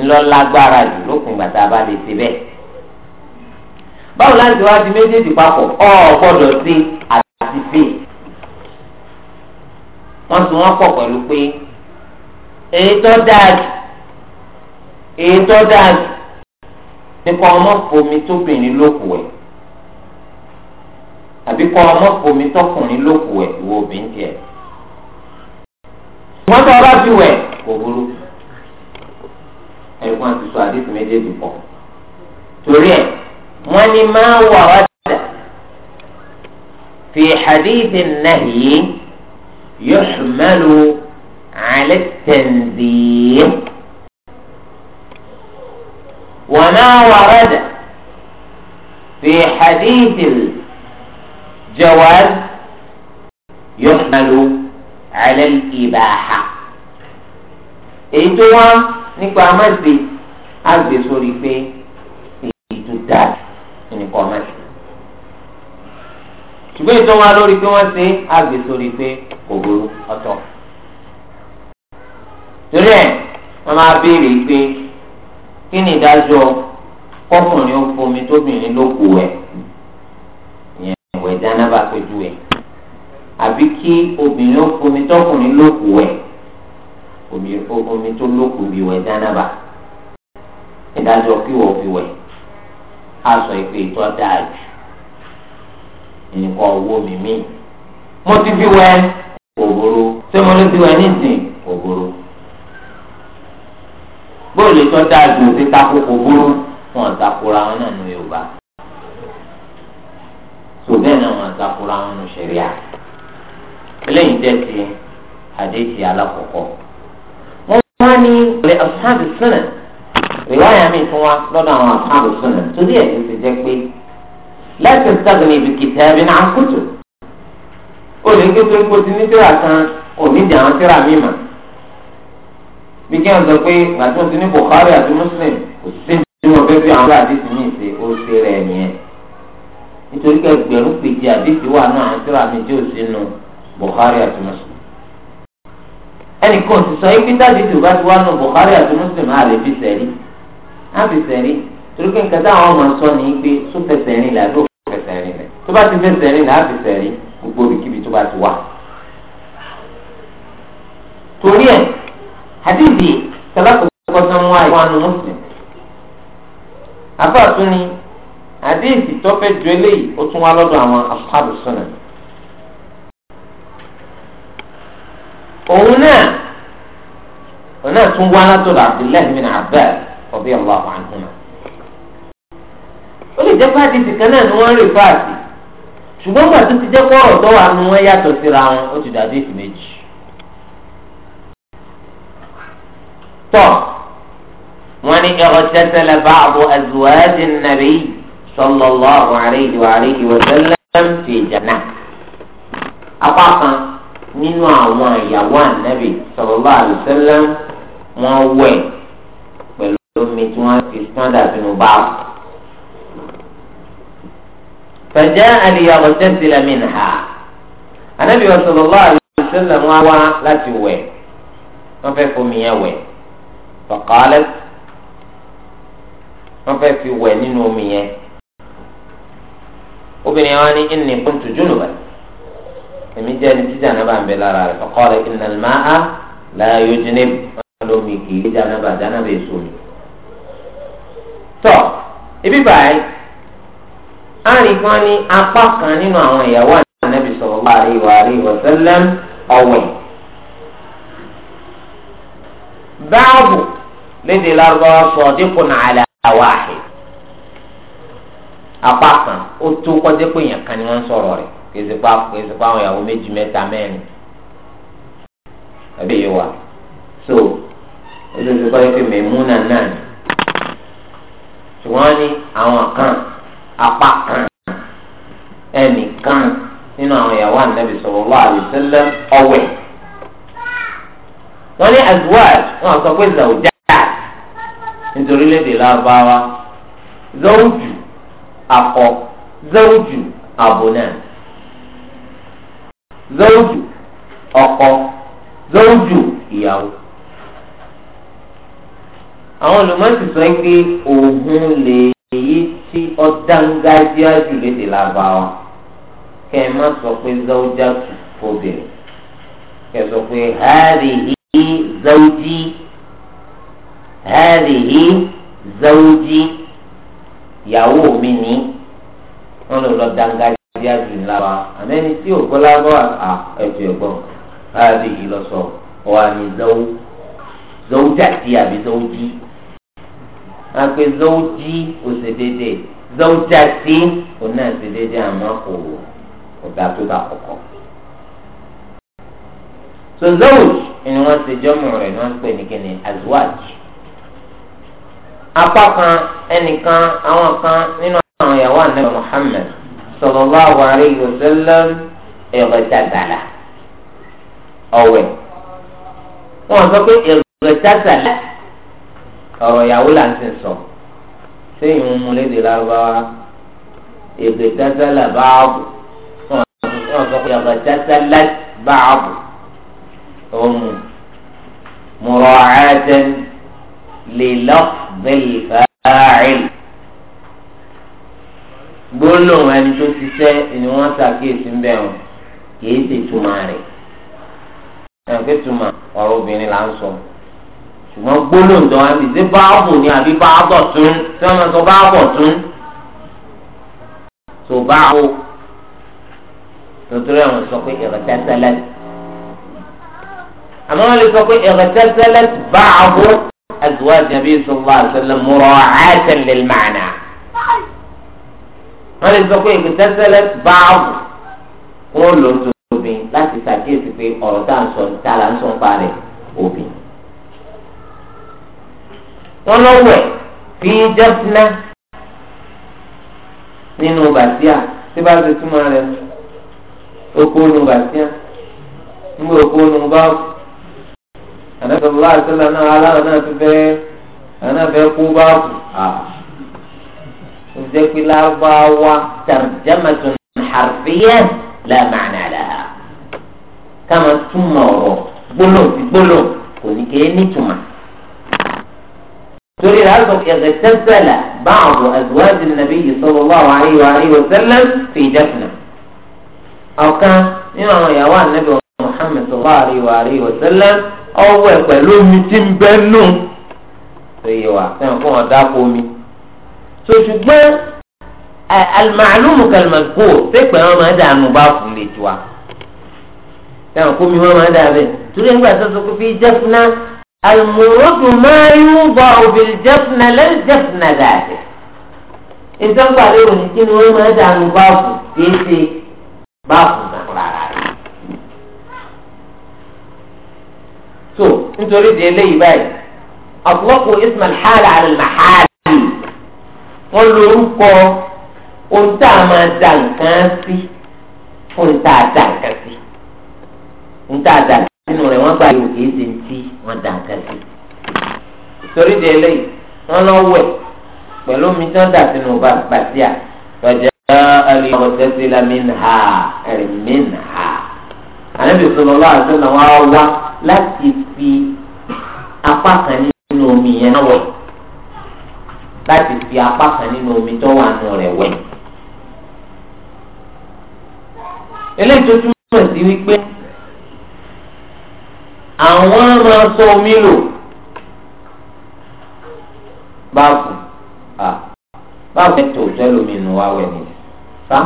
ńlọ lágbára jù lópin ìgbà tá a bá lè ṣe bẹ́ẹ̀ báwo láti wá di méjèèjì papọ̀ ọ gbọ́dọ̀ sí àti fè wọ́n tún wọ́n pọ̀ pẹ̀lú pé èyí tó dáa jù èyí tó dáa nípa ọmọ fomi tóbìnrin lókù ẹ̀ àbí kọ́ ọmọ fomi tọkùnrin lókù ẹ̀ ìwọ òbí ń tiẹ̀. wọ́n tọ́ ọba ti wẹ̀ kò burú ẹ̀gbọ́n ti sọ àdéhùn méjèèjì pọ̀ torí ẹ̀ wọ́n ní máa wà wá dà fi hadithi nahyi yuhmalu ala tanzih. وما ورد في حديث الجواز يحمل على الإباحة èyí tó wá nípa amáṣe àgbè sórí pé èyí tó dáa nípa amáṣe ṣùgbọ́n èyí tó wá lórí pé wọ́n ṣe àgbè sórí pé kò burú ọ̀tọ̀ torí ẹ̀ wọ́n máa béèrè pé kí ni ìdájọ́ kọkùnrin ó fomi tóbìnrin ló kù ẹ̀ ìyẹn ìwẹ̀ ìdánábà péjú ẹ̀ àbí kí obìnrin ó fomi tọkùnrin ló kù ẹ̀ omi tó lókù bí ìwẹ̀ ìdánábà ìdájọ́ kí wọ́n fi wẹ̀ á sọ ìpè ìtọ́ dáa jù nǹkan owó mi mí mo ti fi wẹ̀ òbòrò tí mo lè fi wẹ̀ nísìnyí òbòrò bóòlù tó dáa jù sí takoko búrú wọn àtakora wọn náà nù yorùbá tó bẹ́ẹ̀ náà wọn àtakora wọn nù sẹ̀ríà eléyìí jẹ́ ti àdéhìí alákọ̀ọ́kọ́ wọ́n wá ní ilẹ̀ ọ̀sáàbì sílẹ̀ rìwáyà mi fún wa lọ́dọ̀ àwọn ọ̀sáàbì sílẹ̀ torí ẹ̀ ti jẹ́ pé láti sábìlì ìbìkìtà ẹ̀mí náà kùtù olùkí tó ń kó ti ní tíra kan òní bí kí wọn sọ pé gbàtí wọn ti ní Bukhari àti Muslim kò sí ní wọn fẹẹ fi àwọn ọlọ àdìsí ní ìsè ó ṣe rẹ nìyẹn nítorí pé ẹgbẹ̀rún péjì àdìsí wà náà àwọn tíra mi tí ò sí nu Bukhari àti Muslim ẹnì kan ti sọ ibi tá àdìsí bá ti wà nù Bukhari àti Muslim á lè fi sẹ̀rí á fi sẹ̀rí torí pé nǹkan táwọn ọmọ sọ ní pé tó fẹsẹ̀ rìn là ló fẹsẹ̀ rìn rẹ̀ tó bá ti fẹsẹ̀ rìn là á fi sẹ̀rí gbogbo ibikíbi tó bá ti wà torí ẹ̀ Hadizi sábàkọ̀kọ̀ tó ń wá ìwánu muslim àbáàtú ni hadizi tó fẹ́ ju eléyìí ó tún wá lọ́dọ̀ àwọn ashabu sunan. òun náà òun náà tún wá látọ̀dọ̀ abdullahi bin abbas radiyallahu anhuma. ó lè jẹ́ pé hadithi kan náà ni wọ́n ń rè fáàtì ṣùgbọ́n gbà tó ti jẹ́ kó ọ̀rọ̀ tó wà wọ́n yàtọ̀ síra wọn ó ti dàbí ìfì tọ́ wọ́n ní ẹ̀rọ̀tẹ́sẹ̀lẹ̀ bá àbò azwaj nàbí sallallahu alayhi wa alihi wa sallam fi jannah. apá kan nínú àwọn ìyàwó ànábì sallallahu alayhi wa sallam wọ́n wẹ̀ pẹ̀lú omi tí wọ́n fi sọ́dà sínú báàbù. فجاء ليغتسل منها النبي صلى الله عليه وسلم وعلى لا توي ما في فمي fàkàlẹ́ wọ́n fẹ́ fi wẹ̀ nínú omi yẹn obìnrin yẹn wá ní ẹnì kuntu junuban èmi jẹ́ ẹni tí jàǹdà bá ń bẹ lára rẹ̀ fàkàlẹ́ innal ma'a la yujnib wọ́n lómi kì í jàǹdà bá jàǹdà bá èso mi. tọ́ ibi báyìí àríkan ní apá kan nínú àwọn ìyàwó ànábì sallallahu alaihi wa sallam ọ̀wẹ̀. báàbù lédè lárúbáwá sọ̀dínkùn àlà wáhid apá kan ó tó kọjá pé èèyàn kan ni wọ́n ń sọ̀rọ̀ rẹ̀ kèsìpá kèsìpá àwọn ìyàwó méjì mẹ́ta mẹ́rin àbí yìí wà so ó lè fi kọjá pé mẹ́múnà náà ni ṣùgbọ́n ní àwọn kan apá kan ẹnìkan nínú àwọn ìyàwó ànábì sallallahu alaihi wasallam ọ̀wẹ̀ wọ́n ní azwaj wọ́n sọ pé zawja nítorí lédè lárúbáwá zawuju akọ zawuju abo náà zawuju ọkọ zawuju ìyàwó àwọn olùmọ̀sí sọ pé òògùn lè èyí tí ọ̀dángájíá jù lédè lárúbáwá kẹ́ ẹ má sọ pé zawuja tù fóbìnrin kẹ́ sọ pé hàrí hí zawují hàdìhí zawuji ìyàwó mi ní wọn lọ lọ dangari bí ajùn lára àmẹni tí ò gbọ́ lábọ́ à ẹ̀jọ̀ ẹ̀gbọ́n hàdìhí lọ sọ wà ní zawu zawujati àbí zawuji àpè zawuji òsèdédé zawujati òun náà ṣèdédé àmọ́ kò ọ̀gá tó bá kọ̀kọ́ so zawuj ni wọ́n ṣe jọ́mọ̀ rẹ̀ ni wọ́n pè ní kíni azwaj apá kan ẹnìkan àwọn kan nínú àwọn ìyàwó ànábì Muhammad sallallahu alayhi wa sallam ìrẹsàdàlà ọwẹ wọn sọ pé ìrẹsàdàlà ọ̀rọ̀ ìyàwó là ń sìn sọ ṣé ìwọn mú lédè lárúbáwá ìrẹsàdàlà báàbù wọn sọ pé ìrẹsàdàlà báàbù ọmọ mùrọ̀ ààtẹ lè lọ́kù bilfa'il gbólóhùn ẹni tó ṣiṣẹ́ ni wọ́n ṣàkíyèsí ń bẹ̀ wọn kìí ṣe túmọ̀ rẹ̀ ẹ̀ pé túmọ̀ ọ̀rọ̀ obìnrin là ń sọ ṣùgbọ́n gbólóhùn tó wá ń bì sí báàbò ni àbí báàbò tún tí wọ́n máa sọ báàbò tún tó báàbò tòtúrọ̀ ẹ̀wọ̀n sọ pé ìrẹ̀tẹ́sẹ̀lẹ̀ àmọ́ wọ́n lè sọ pé ìrẹ̀tẹ́sẹ̀lẹ̀ báàbò. أزواج النبي صلى الله عليه وسلم مراعاة للمعنى wọ́n lè sọ pé ìgbésẹ̀sẹ̀lẹ̀ báàbù kó ló ń tó obìnrin láti ṣàkíyèsí pé ọ̀rọ̀ tá à ń sọ tá à ń sọ ń parẹ́ obìnrin. wọ́n lọ́wọ́ fi jẹ́fúnà nínú bàtíà tí bá ti túmọ̀ rẹ̀ okòó nu bàtíà ń gbé okòó nu báàbù. أنا صلى الله عليه وسلم أنا على أنا في أنا في القبة الله الأربعة ترجمة حرفية لا معنى لها كما ثم وروح بلو بلو كوني كيني ثم سوري الأربعة إذا اغتسل بعض أزواج النبي صلى الله عليه وآله وسلم في دفنه أو كان يا يعني النبي محمد صلى الله عليه وآله وسلم ọwọ́ ẹ̀ pẹ̀lú omi tí ń bẹ́ nù. ṣèyí wa sẹ́yìn fún wọn dáko omi. so ṣùgbọ́n alimàlúmù kàlùmàkó pépè wọn máa dànù bá fún lè tiwa. sẹ́yìn kó mi wọn máa dà bẹ́ẹ̀. torí nígbà tó sọ pé fi jẹ́fúnà alùmùrọ́dù máa yún bọ̀ òbílì jẹ́fúnà lẹ́yìn jẹ́fúnà dàdé. ìtọ́gbà lérò ní kí máa dànù bá fún kì bá fún rárá. so nítorí di eléyìí báyìí àpòlọpọ ismail hàlà àlùmáhàlì wọn lórúkọ ohun tá a máa da nǹkan sí fún tá a da nǹkan sí ohun tá a da nínú rẹ̀ wọn gbà yóò kéé ti wọn da nǹkan sí nítorí di eléyìí wọn lọ wẹ̀ pẹ̀lú omi tí wọn dà sínú bàtíà lọjà alẹ ọsẹ sílẹ mìnà ẹrìn mìnà ànábì sallallahu alaihi wasallam wá wá láti fi apá kan nínú omi yẹn náà wẹ̀ láti fi apá kan nínú omi tó wà nù rẹ̀ wẹ̀. eléyìí tó túmọ̀ sí wípé àwọn máa sọ omi lò báàbù báàbù ẹ̀ tó tẹ́lómi nù wá wẹ̀ nìyẹn sá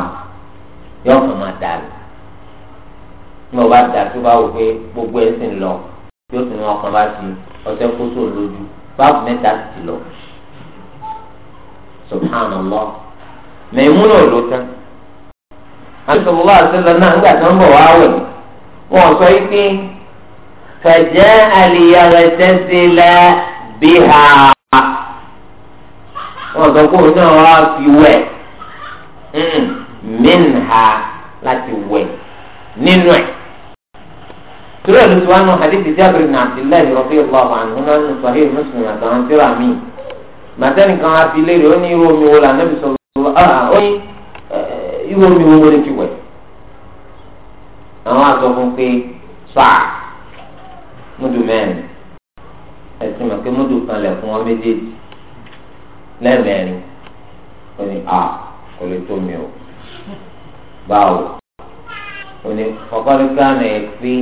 yọ̀ọ̀kan máa dà lọ ní ọba dà tó bá wò pé gbogbo ẹ̀ sì ń lọ yóò tún ní wọn kan bá ti ọtẹ kó sóò lójú báàbù mẹ́ta sì ti lọ subhanallah mẹ̀múnà ò ló tán asọ̀lọ́lá àṣẹlẹ̀ náà nígbà tó ń bọ̀ wá wẹ̀ wọ́n sọ yìí pé fẹ̀jẹ̀ àlìyàrá tẹ́sílẹ̀ bí ha wọ́n sọ pé òun náà wá fi wẹ̀ mí ha láti wẹ̀ nínú ẹ̀. ترى لسوان حديث جابر بن عبد الله رضي الله عنهما أنه صحيح مسلم كان ترى مين ما تاني كان في ليلة أني يومي ولا النبي صلى الله عليه وسلم يومي ولا كيوي àwọn àtọkùn pé sáà múdù mẹ́rin ẹ̀sìn mọ̀ pé múdù kan lẹ̀ fún wọn méjèèjì lẹ́ẹ̀mẹ́rin ó ní a kò lè tó mi o báwo ó ní ọ̀kọ́lùkánù ẹ̀ pín.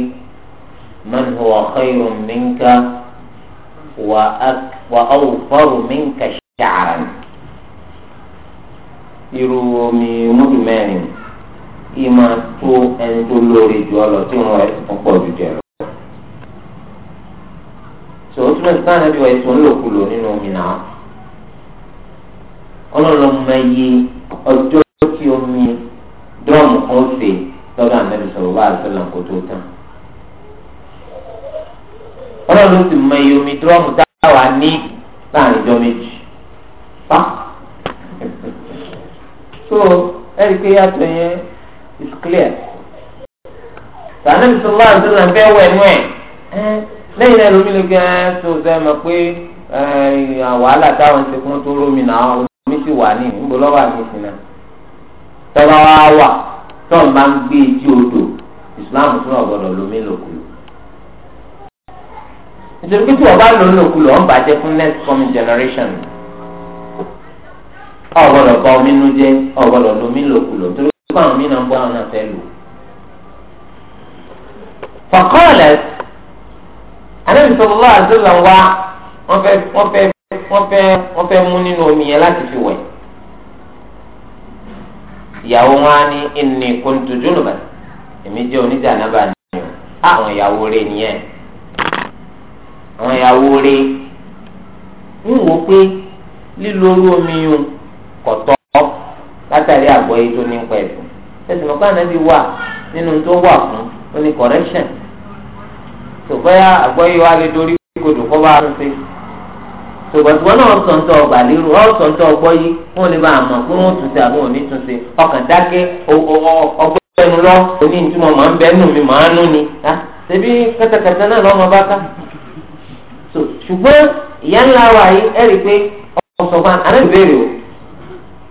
من هو خير منك وأك وأوفر منك شعرا irú omi múdù mẹ́rin yìí máa tó ẹni tó lóore jù ọ lọ tí wọn ẹsùn pọ̀ jù jẹ lọ. sọ ó túmọ̀ sáà nàbí wa ẹsùn ńlòkulò nínú omi náà ọlọ́run mọ iye ọjọ́ tí omi dọ́ọ̀mù kan ṣe lọ́dọ̀ ànábì sọ̀rọ̀ wá àṣọ làǹkó tó tán ọlọ́run ló sì mọ iye omi dúrọ́ọ̀mù táwa ní láàrin ìjọ méjì pa. so ẹ̀rí pé yàtọ̀ yẹn is clear. sànẹ́bí sọ́lá àti sọ́lá ń fẹ́ wẹ̀ nú ẹ̀ lẹ́yìn náà lómi lè gẹ́ tó sẹ́ mọ̀ pé wàhálà táwọn ti kún tó rómi náà omi sì wà ní ìbólọ́wà mi sí náà. tọ́ba wa wà tọ́ọ̀ máa ń gbé etí odò ìsìláàmù tún ọ̀gbọ́dọ̀ lómi lòkùn nítorí pé tí wọ́n bá lò ó lòkulò wọ́n bàjẹ́ fún next coming generation ọ̀gbọ́dọ̀ bá omi nú jẹ́ ọ̀gbọ́dọ̀ lomi lòkulò torí pé àwọn mìíràn bọ́ àwọn náà fẹ́ lò. fọ̀kọ́ọ̀lẹ̀ àdébí sọ̀rọ̀ lọ́wọ́ àdúrà wa wọ́n fẹ́ wọ́n fẹ́ wọ́n fẹ́ wọ́n fẹ́ mú nínú omi yẹn láti fi wẹ̀. ìyàwó wọn á ní ìnìkùn tòjú nùbà èmi jẹ́ oníjà náà bá nìyẹn àwọn ìyàwó rẹ̀ nìyẹn. àwọn ìyàwó rẹ ń wò pé lílo omi yun kò látàrí àgbọ̀ yìí tó ní ń pẹ̀ ẹ̀sìn ẹ̀sìn náà ti wà nínú tó wà fún ó ní correction tòbáyà àgbọ̀ yìí wà lè dorí kodò kọ́ bá tún ṣe tòbọ̀tìwọ́ náà sọ̀ǹtọ̀ ọgbà lérò ọ̀ ọgbọ́ yìí wọn lè bá a pé wọ́n tún ṣe àbí ní tún ni ah, ṣebí kẹtẹkẹtẹ náà lọ́mọ bá ṣùgbọ́n ìyá ńlá wa yìí ẹ̀rí pé ọ̀sọ̀gbọ́n àná ìbéèrè o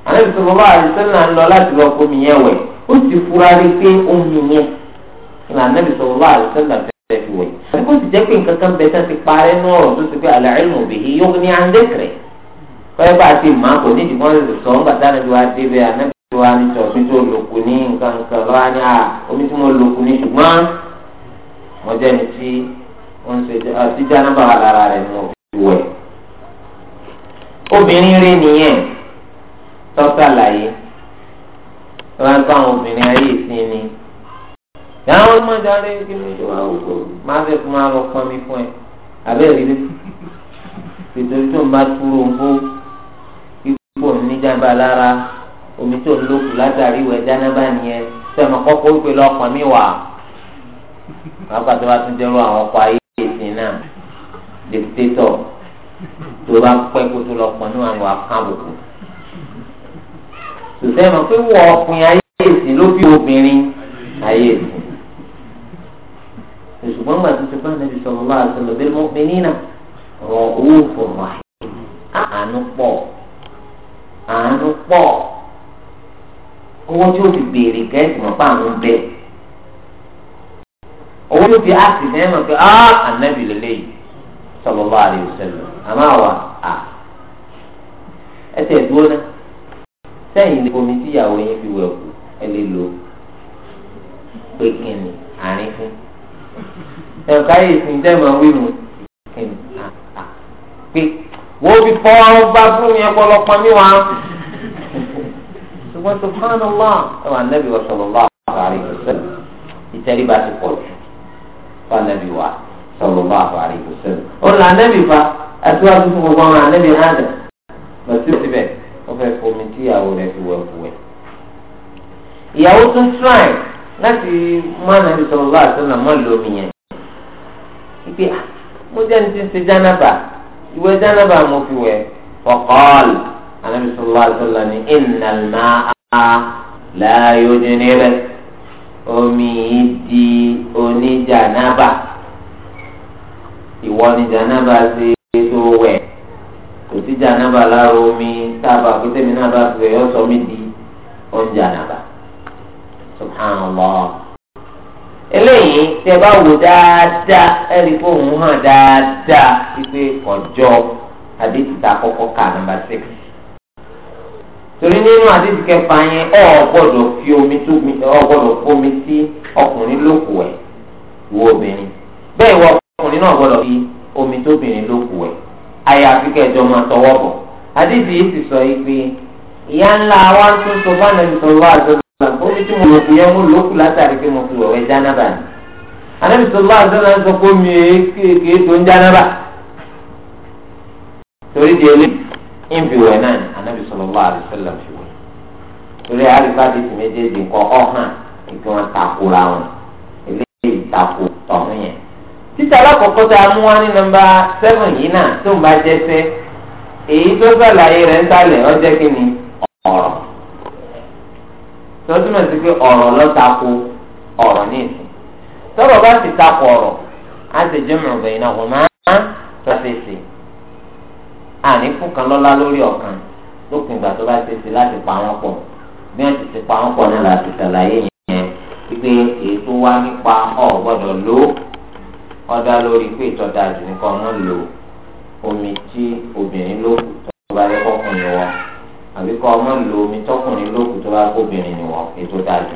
àná ìbísọ̀rọ̀ bá àdìsẹ́nà ń lọ láti lọ fomi yẹn wẹ̀ ó ti fura rí pé omi yẹn ìlànà àná ìbísọ̀rọ̀ bá àdìsẹ́nà fẹ́ẹ́ fi wẹ̀. àbíkó ti jẹ́ pé nǹkan kan bẹ́ẹ̀ tán ti parẹ́ ní ọ̀rọ̀ tó ti pé al-ilmu bihi yughni an dhikri bá a ti mọ̀ kò ní ìdìbọn ń ṣe àti jánábà wà lára rẹ̀ ní òfin wẹ̀. obìnrin rí nìyẹn tọ́sàlàyé wọn bá àwọn obìnrin ayé ìsìn ni yàrá wọn máa darí kí ni ìjọba àwùjọ máa fẹ́ fún máa lọ pọn mi fún ẹ abẹ́rẹ́ rí nítorí tó ń bá túrò ń bó ipò níjàmbá lára omi tó ń lòkù látàrí ìwẹ̀ jánábà nìyẹn sẹ́mi kọ́kọ́ wípé lọ́kàn mi wà wọ́n pàṣẹ wá tún jẹ́rú àwọn ọkọ̀ ayé ìsìn náà dèkítẹ́tọ̀ tó bá pẹ́ kó tó lọ pọ̀ níwọ̀n àwọn akábòkò. sòtẹ́ mọ̀ pé wọ ọkùnrin ayé èsì ló bí obìnrin ayé èsì. ṣùgbọ́n gbà tó ti bá nàbì sọ̀rọ̀ bá àtọ̀lọ̀ bí mo pe nínà rọ owó fòrò àánú pọ̀ àánú pọ̀ owó tí ó fi béèrè kẹ́sì mọ̀ pé àwọn bẹ́ẹ̀ òun ló fi áàtì sẹ́yìn mọ̀ pé á ànábì lélẹ́yìí sallallahu alaihi wasallam àmọ́ àwa à ẹsẹ̀ dúró náà sẹ́yìn ní omi tíyàwó yẹn fi wẹ̀ kú ẹ lè lò ó pé kìnnì àárín fún ẹ̀ka yìí sì ń dẹ́mọ̀ wíwù kìnnì pé wọ́n fi fọ́ bá fún yẹn pọ̀lọpọ̀ mi wá. ṣùgbọ́n subhanallah ẹ̀wọ̀n ànábì wa sallallahu alaihi wasallam ìtẹ́ríba ti pọ̀ jù fanabi wa sallallahu alayhi wa sallam ó là nẹ́bí fa aṣíwájú fún gbogbo àwọn ànẹ́bí hàdà lọ́sí síbẹ̀ ó fẹ́ fomi tí ìyàwó rẹ̀ fi wẹ̀ fún ẹ̀. ìyàwó tún tíráì láti mú ànẹ́bí sallallahu alayhi wa sallam mọ́ lómi yẹn. ìpè ah, mo jẹ́ ní ti ṣe jánábà ìwé jánábà mo fi wẹ̀ faqal ànẹ́bí sallallahu alayhi wa sallam ní innal ma'a la yujnib omi yìí di oníjànába ìwọ ni jànába ṣe tó wẹ̀ kò sí jànába lára omi tábà pé tèmi náà bá fi sọ mí di oníjànába subhanallah eléyìí tẹ́ bá wò dáadáa ẹ rí fóun hàn dáadáa wípé ọjọ́ adé ti ta kọ́kọ́ ká nàmbà six torí nínú àdéhùn kẹfà yẹn ọ gbọ́dọ̀ fi omi tó mi ọ gbọ́dọ̀ fomi sí ọkùnrin lókù ẹ wo obìnrin bẹ́ẹ̀ wọ ọkùnrin náà gbọ́dọ̀ fi omi tó obìnrin lókù ẹ àyàfi kẹjọ máa tọwọ́ bọ̀ àdéhùn yìí ti sọ yìí pé ìyá ńlá wa tó sọ bá nàbì sọlá àdọlà omi tí mo lò kù yẹn mo lò kù látàrí pé mo fi wẹwẹ jánábà ni ànábì sọlá àdọlà ń sọ pé mi èé kéèké tó ń jánábà torí di eléyìí ìbìwẹ̀ náà anábì sallallahu alaihi wasallam fi wẹ̀ torí àríkàdé ti méjèèjì nǹkan ọ̀hán ìpín wọn takora wọn eléyìí tako tọ̀hún yẹn títà alákọ̀ọ́kọ́ tá a mú wá ní nọ́mbà sẹ́fùn yìí náà tó ń bá jẹ́ èyí tó sàlàyé rẹ̀ ń sàlẹ̀ ọjọ́ kí ni ọ̀rọ̀ tọ́jú sí pé ọ̀rọ̀ ló tako ọ̀rọ̀ ní ìsìn tọ́rọ̀ bá ti tako ọ̀rọ̀ á ti jẹ́ mọ̀ọ́bẹ̀yìn náà wọ́n máa ń tọ́fẹ̀ẹ́sì àní fún kan lọ́lá lórí ọ̀kan lópin ìgbà tó bá ṣe ṣe láti pa wọn pọ̀ bí wọ́n ti ṣe pa wọn pọ̀ náà láti ṣàlàyé yẹn wípé èyí tó wá nípa ọ̀ gbọ́dọ̀ lò ó ọ̀dà lórí pé ìtọ́jà jù nìkan wọn lò omi tí obìnrin ló kù tó bá yẹ kọkùnrin wọn àbí kọ́ ọmọ lò omi tọkùnrin ló kù tó bá kóbìnrin wọn ètò dájú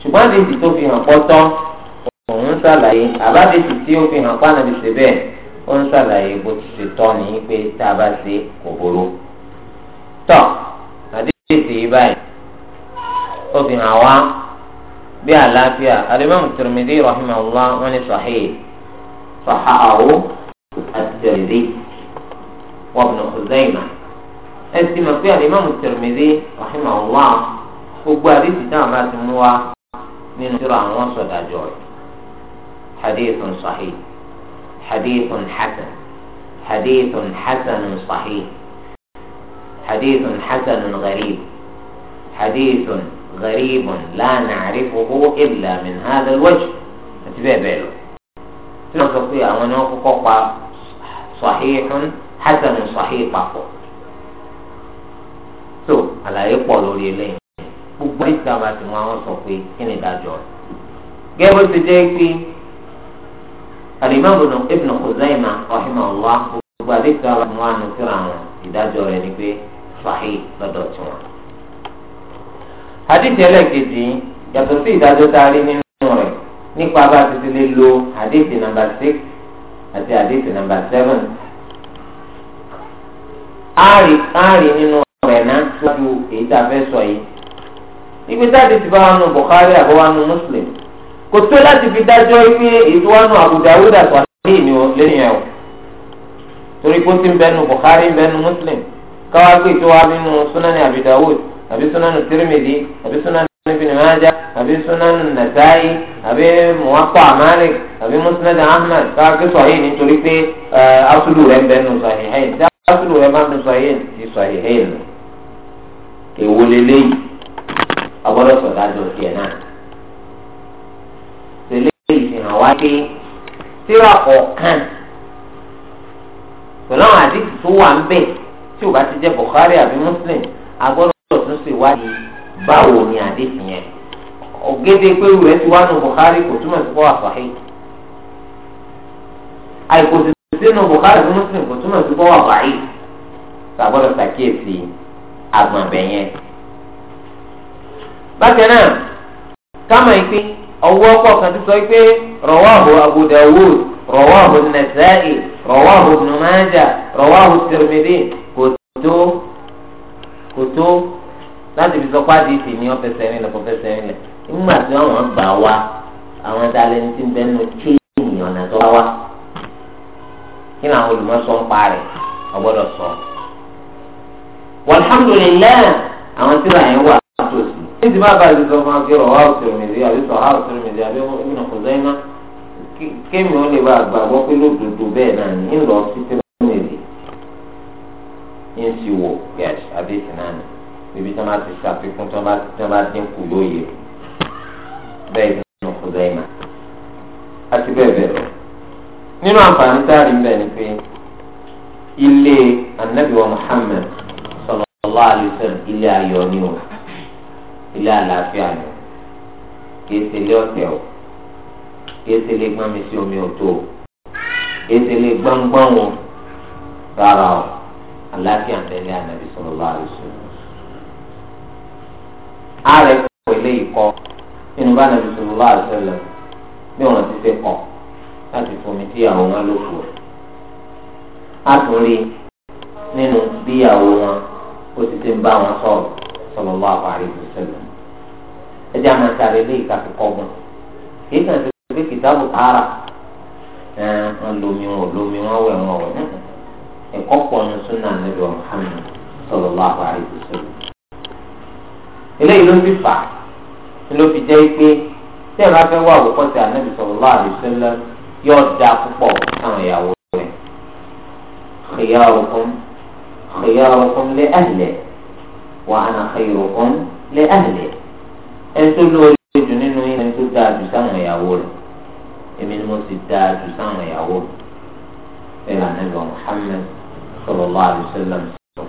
ṣùgbọ́n àdéhùn tó fi hàn pọ́tọ́ òun ṣàlàyé àbádéhùn tí ó fi hàn pánàbí ó ń ṣàlàyé bó ti ṣe tọ́ ni pé tá a bá ṣe kò burú. tọ́ àdéhùn yìí báyìí ó fi hàn wá bí àlàáfíà alimami Tirmidhi rahimahullah wọn ni sahih sahahu at-Tirmidhi wa Ibn Khuzaymah ẹ ti mọ̀ pé alimami Tirmidhi rahimahullah gbogbo àdéhùn táwọn bá ti mú wa nínú ìṣòro àwọn sọ̀dájọ́ rẹ̀ hadithun sahih. حديث حسن حديث حسن صحيح حديث حسن غريب حديث غريب لا نعرفه إلا من هذا الوجه أتبع بيلو تنقصي أمنوك قوة صحيح حسن صحيح فقو تو على pọ̀ لي لي gbogbo ìsàmà tí wọ́n sọ pé kí ni ìdájọ́ rẹ̀. gẹ́gẹ́ bó ti jẹ́ gege bo ti je pe alimami ibn Khuzaima rahimahullah gbogbo àdéhùn àwọn ọmọ àánú síra wọn ìdájọ́ rẹ̀ ni pé sahih lọ́dọ̀ tiwọn. hadith ẹlẹ́kejì yàtọ̀ sí ìdájọ́ tá a rí nínú rẹ̀ nípa bá a ti ti lè lo hadith nàmbà six àti hadith nàmbà seven. a rí nínú rẹ̀ náà síwájú èyí tá a fẹ́ sọ yìí. ibi tá ti bá wa nù Bukhari àbọ̀wá nù Muslim kò tó láti fi dájọ́ pé ìdúwánu Abu Dawud àti àtàlẹ́ ìní lẹ́yìn ẹ̀ o torí pé ó ti ń bẹnu Bukhari ń bẹnu Muslim káwá pé tó wá nínú Sunan Abi Dawud àbí Sunan Tirmidhi àbí Sunan Ibn Majah àbí Sunan Nasa'i àbí Muwatta Malik àbí Musnad Ahmad káwá pé sọ̀hìn nítorí pé asúlù rẹ̀ ń bẹnu Sahihayn tí asúlù rẹ̀ bá ń bẹnu Sahihayn ti Sahihayn nù èwo lélẹ́yìí agbọ́dọ̀ sọ̀dájọ́ náà eléyìí fi hàn wá pé tíra ọ̀kan pẹ̀lú àwọn àdìsí tó wà ń bẹ̀ tí ò bá ti jẹ́ Bukhari àbí Muslim agbọ́dọ̀ tún ṣe wádìí báwo ni àdìsí yẹn ògede pé rẹ̀ ti wá nù Bukhari kò túmọ̀ sí fọwọ́ àfàhí àìkò sì sínú Bukhari àbí Muslim kò túmọ̀ sí fọwọ́ àfàhí sàgbọ́dọ̀ ṣàkíyèsí àgbọ̀n bẹ̀yẹn. bákan náà ká mọ̀ ẹ́ pé ọwọ́ pọ̀ kan ti sọ pé rọwáhù Abu Dawud rọwáhù Nasa'i rọwáhù Ibn Majah rọwáhù Tirmidhi kò tó kò tó láti fi sọ pàdé ìfì ní ọ̀fẹ́sẹ̀ rìn lẹ̀ ọ̀fẹ́sẹ̀ nígbà tí wọ́n gbà wá àwọn dalẹ̀ ní ti ń bẹ́ẹ̀ nù chéènì ọ̀nà tó wá kí ni àwọn olùmọ̀sọ ń pa rẹ̀ ọgbọ́dọ̀ sọ. walhamdulillah àwọn tíra yẹn wà ìdí má bàa ìdí sọ fún akẹ́ ọ̀há òtìrìmìdì àbí sọ̀há òtìrìmìdì àbí ìmìnà kò zẹ́yìn náà kémi ó lè bá gbàgbọ́ pé lódodo bẹ́ẹ̀ náà ní ńlọ sí tìrìmìdì ń sì wò gẹ̀ẹ́sì àbí ìsìnáàmì ibi tí wọ́n bá ti ṣàfikún tí wọ́n bá dínkù lóye bẹ́ẹ̀ ìmìnà kò zẹ́yìn náà àti bẹ́ẹ̀ bẹ́ẹ̀ lọ. nínú àǹfààní táàrí bẹ́ẹ̀ ni pé ilé anabiwa Muhammad sallallahu alaihi wasallam ilé ayọ̀ ni o ilé àlàáfíà ni kìí ṣe ilé ọ̀tẹ̀ o kìí ṣe ilé gbọ́nmi sí omi ọ̀tọ̀ o kìí ṣe ilé gbọ́ngbọ́n o rárá o àlàáfíà ń tẹ̀lé ànábì sallallahu alaihi wasallam. ààrẹ kọ ilé ìkọ nínú bá ànábì sallallahu alaihi wasallam bí wọn ti ṣe kọ láti fomi tí àwọn wọn lò fò. a tún rí nínú bí àwọn wọn ó ti ṣe ń bá wọn sọ̀rọ̀ sallallahu alaihi wasallam ẹjẹ àwọn àtàrí ilé ìkàfi kọgbọn kì í kàn sí pé kìtàbù tààrà wọn lomi wọn lomi wọn wẹ wọn wẹ ẹ̀kọ́ pọ ní súnà níbi Muhammad sallallahu alaihi wasallam eléyìí ló fi fà ló fi jẹ́ pé tí ẹ bá fẹ́ wá àwòkọ́sí ànábì sallallahu alaihi wasallam yóò da púpọ̀ sáwọn ìyàwó rẹ̀ khiyarukum khiyarukum li ahlihi wà á na khayrukum li ahli ẹni tó lóore jù nínú yín ẹni tó dáa jù sáwọn ìyàwó rẹ̀ èmi ni mo sì dáa jù sáwọn ìyàwó rẹ̀ ẹ̀ lànà ìlú Muhammad sallallahu alaihi wasallam sọ.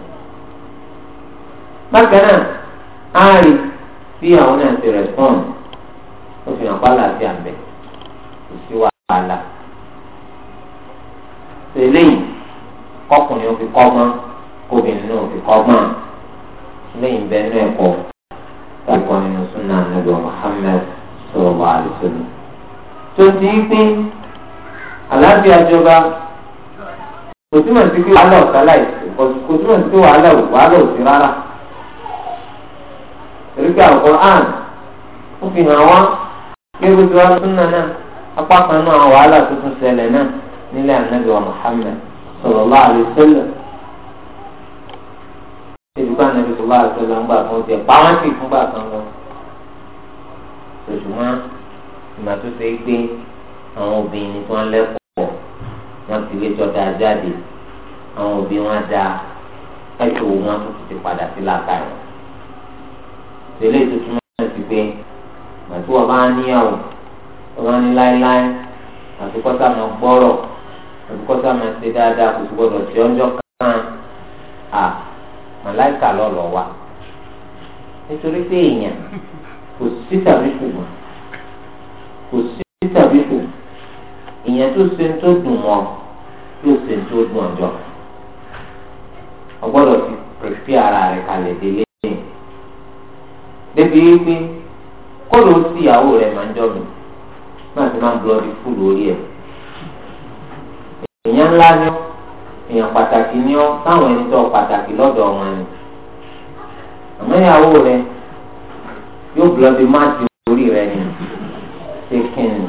bákan náà a bí àwọn náà ti rẹ̀spọ́n ó fi hàn pálá sí àbẹ̀ kò sí wàhálà. tẹ̀lé yìí kọkùnrin ò fi kọ́ mọ́ kóbìnrin ò fi kọ́ mọ́ lẹ́yìn bẹ́ẹ̀ náà ẹ̀kọ́ ẹ̀kọ́ nínú súnà nàbẹ Muhammad sallallahu alaihi wasallam. tó ti ń pín àlàáfíà jọba kò túmọ̀ sí pé wàhálà ọ̀tá láìsí kò túmọ̀ sí pé wàhálà wàhálà òsì rárá. èríkà Al-Qur'an ó fi hàn wá pé gbogbo wa súnà náà apá kan náà wàhálà tuntun ṣẹlẹ̀ náà nílẹ̀ ànábì wa Muhammad sallallahu alaihi wasallam ìdúgbà nàbí tó bá àṣọ làǹgbà kan jẹ pàwọ́ntì fúngbà kan lọ. ṣùgbọ́n ìgbà tó ṣe é gbé àwọn obìnrin tó ń lẹ́kọ̀ọ́ wọn ti lé jọ dáa jáde àwọn òbí wọn da ẹ̀ṣọ́ wọn tó ti padà sí làákàyè. ìṣẹ̀lẹ̀ ìtòtúmọ̀ náà ti gbé ìgbà tí wọ́n bá níyàwó wọ́n bá ní láéláé àtúkọ́sà máa gbọ́rọ̀ àtúkọ́sà máa ṣe dáadáa kò sì gbọ́dọ̀ sí ọjọ́ màláìka lọ́lọ́ wa nítorí pé èèyàn kò sí tàbí ṣùgbọ́n kò sí tàbí ṣùgbọ́n èèyàn tó ṣe tó dùn mọ́ tó ṣe tó dùn ọjọ́ ọgbọ́dọ̀ ti pèsè ara rẹ̀ kalẹ̀ délé yìí débi wípé kóòlù sí ìyàwó rẹ̀ máa ń jọ mi náà ti máa ń blọọdì fúlù orí ẹ̀ èèyàn ńlá ni ó èèyàn pàtàkì ni ọ táwọn ẹni tó pàtàkì lọ́dọ̀ wọn ni àmọ́ ìyàwó rẹ yóò bùlọ bí máàkì orí rẹ ni ṣé kí ni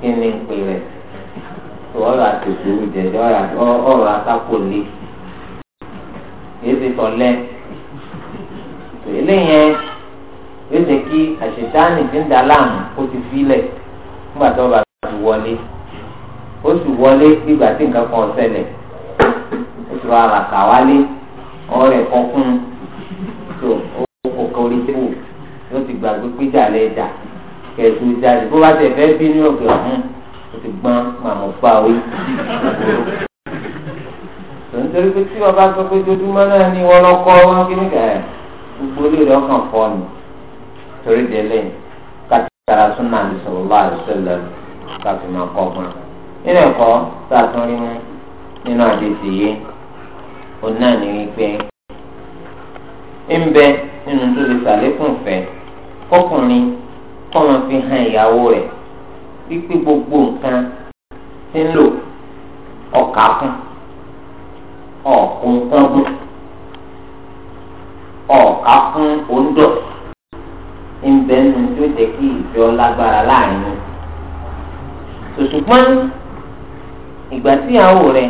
kí ni ń pè rẹ ọ̀rọ̀ àtòkò jẹjọ ọ̀rọ̀ àtàkùnlé èsì tọlẹ eléyẹn yóò jẹ kí àṣetánì ti ń da láàmú kó ti fílẹ̀ nígbà tó bá ti wọlé oṣù wọlé ìgbà tí nǹkan kan ṣẹlẹ̀ oṣù àràkà wálé ọrẹ kan fún tó o kọ orí tẹ́wò yóò ti gbàgbé píjà lẹ́jà kẹ̀tù jáde bó bá tẹ̀ fẹ́ bí ní òkè ọ̀hún o ti gbọ́n màmú bá wí. nítorí pé tí ọba sọ pé dojúmọ́ náà ni wọ́n lọ kọ́ wọn kí ní kẹ́ ẹ̀ gbogbo orí rẹ̀ ọkàn fọ́ ni torí délé kátàkárà súnà ní sọ̀rọ̀ bá àdúgbò lẹ́nu káfíńmá kọ́ fún un. nínú ẹ̀kọ́ tá a tún rí mú nínú àdéhùn yìí òun náà ní wípé ń bẹ nínú tó fi hàn ìyàwó rẹ̀ wípé gbogbo nǹkan ti ń lò ọkaakụ kún ọ̀kùn kọ́gùn ọ̀kà kún òǹdọ̀ ń bẹ nínú tó jẹ́ ìgbà tí ìyàwó rẹ̀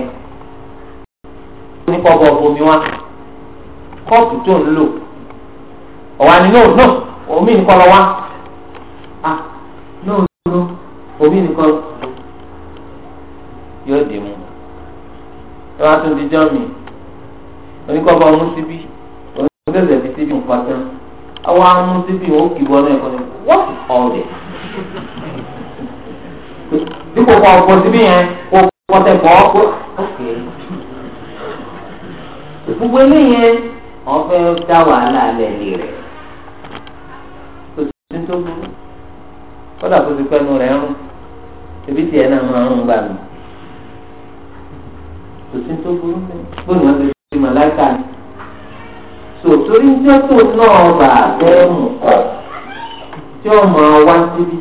ní kọ́bọ̀ bomi wá kọ́ọ̀pù tó ń lò ọ̀wá ni no no omi nìkan lọ wá ah no no omi nìkan yóò dì mú ẹ wá tún di jọ́ mi oníkọ́bọ̀ ọmú síbí oníkọ́bọ̀ ọmú síbí nǹkan tán àwọn amú síbí wọn ó kì í bọ́ náà ẹ̀kọ́ ni what is all this dípò kan ọ̀pọ̀ síbí yẹn wọ́n tẹ kọ́ ọ́ gbogbo eléyẹn wọ́n fẹ́ dá wàhálà lẹ́lẹ́ rẹ̀ kò sí tó burú kódà kó ti pẹ́nu rẹ̀ ń ebi tiẹ̀ náà máa ń gbà mí kò sí tó burú bóyá wọ́n ti fi màláìka ni sòtórí jẹ́kù náà bà bẹ́ẹ̀ mú kọ́ tí ó máa wá síbi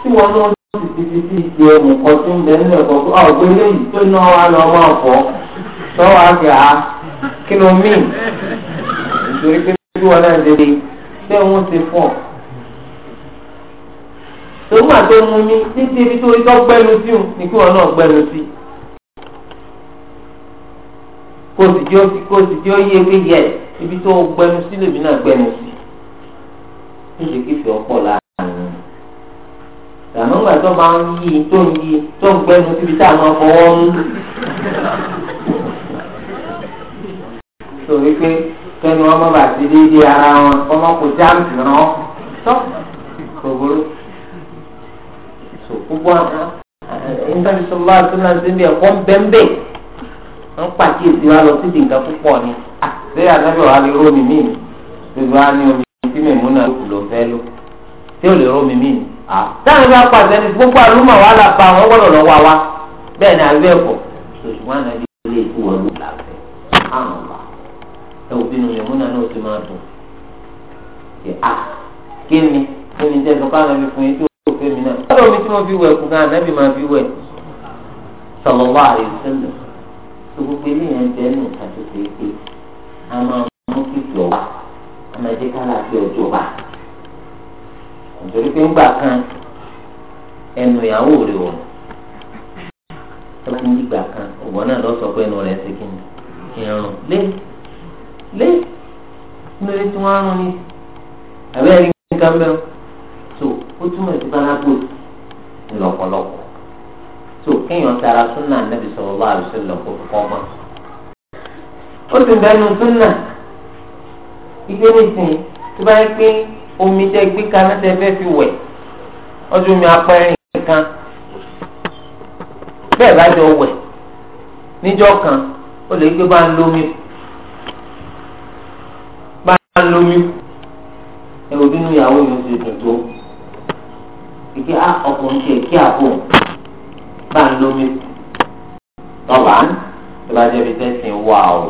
tí wọ́n náà ó sì ti fi sí ìpè olùkọ́ tó ń bẹ nínú ẹ̀kọ́ pé ọ̀ gbé léyìí tó ná wa lọ ọmọ ọ̀fọ́ tọ́wọ́ àgbà kí ló mìn nítorí pé bí wọn náà lè ṣé òun ti fọ̀ tòun àti ohun mi títí ibi tó tọ́ gbẹ́nu sí òun ni kí wọn náà gbẹ́nu sí kó sì jẹ́ kó sì jẹ́ yé pé yẹ ibi tó gbẹ́nu sí lèmi náà gbẹ́nu sí níṣẹ́ kí fi ọ̀pọ̀ la tó máa ń yí tó ń yí tó ń gbẹ́nu síbi tá a máa fọwọ́ mú. sọ wípé kẹ́ni wọ́n má bàa ti déédéé ara wọn ọmọ kò jáàmù rán tọ́ kòkòrò. sọ gbogbo àwọn ìńtàbísọ̀lá àti nàìjíríà ẹ̀kọ́ bẹ́ńbẹ́ wọ́n pàkíyèsí wa lọ síbi nǹkan púpọ̀ ni àbẹ́rẹ́ àtàbí ọ̀hà lè rómi míì gbogbo wa ní omi tí mèmúnà ló kù ló tí ò lè rómi míì. Ah. táwọn bá pàṣẹ ní gbogbo àlùmọ̀ wà lápá wọn gbọ́dọ̀ lọ́wọ́ wa bẹ́ẹ̀ ni àbí ẹ̀kọ́ ṣùgbọ́n àná bí ilé ìkú wọn ló láfẹ́ àwọn wa ẹ ò bínú mi múnà náà ti máa dùn kí a ah, kí ni kí ni jẹ́ sọ́kà náà mi fún yín tí ó fẹ́ mi náà. ọ̀rọ̀ mi tí mo fi wẹ̀ kú gan ànábì máa fi wẹ̀ sọ̀rọ̀ wá àrísẹ́lẹ̀ tó gbogbo eléyàn jẹ́ nù àti ṣe é pé a máa mú kíkì ọ̀wá nítorí pé ńgbà kan ẹnu ìyàwó rẹ ò nù tọ́kùn ìgbà kan ọ̀gbọ́n náà lọ sọ pé ẹnu rẹ̀ ṣe kíni ìrùn lé lé nítorí tí wọ́n á rún ni àbẹ́rẹ́ nǹkan mẹ́rin tó ó túmọ̀ sí bárábò lọ́pọ̀lọpọ̀ tó kéèyàn tara súnà nàbì sọ̀rọ̀ bá àrùsọ lọ́pọ̀ kọ́mọ́ ó sì bẹ́ẹ̀ nu súnà ìgbé nìsín tó bá yẹ pé omi tẹ gbé kaná tẹ fẹ́ fi wẹ̀ ọdún mi apẹ́rìn kan bẹ́ẹ̀ bá jọ wẹ̀ níjọ́ kan ó lè gbé bá ń lómi bá ń lómi ẹ̀rọ bínú ìyàwó yìí ó ti dùn tó kìkì á ah, ọkùnrin tiẹ̀ kí àpò bá ń lómi tọ́ba ń tọ́ba jẹ́ bí tẹ́sán wà ó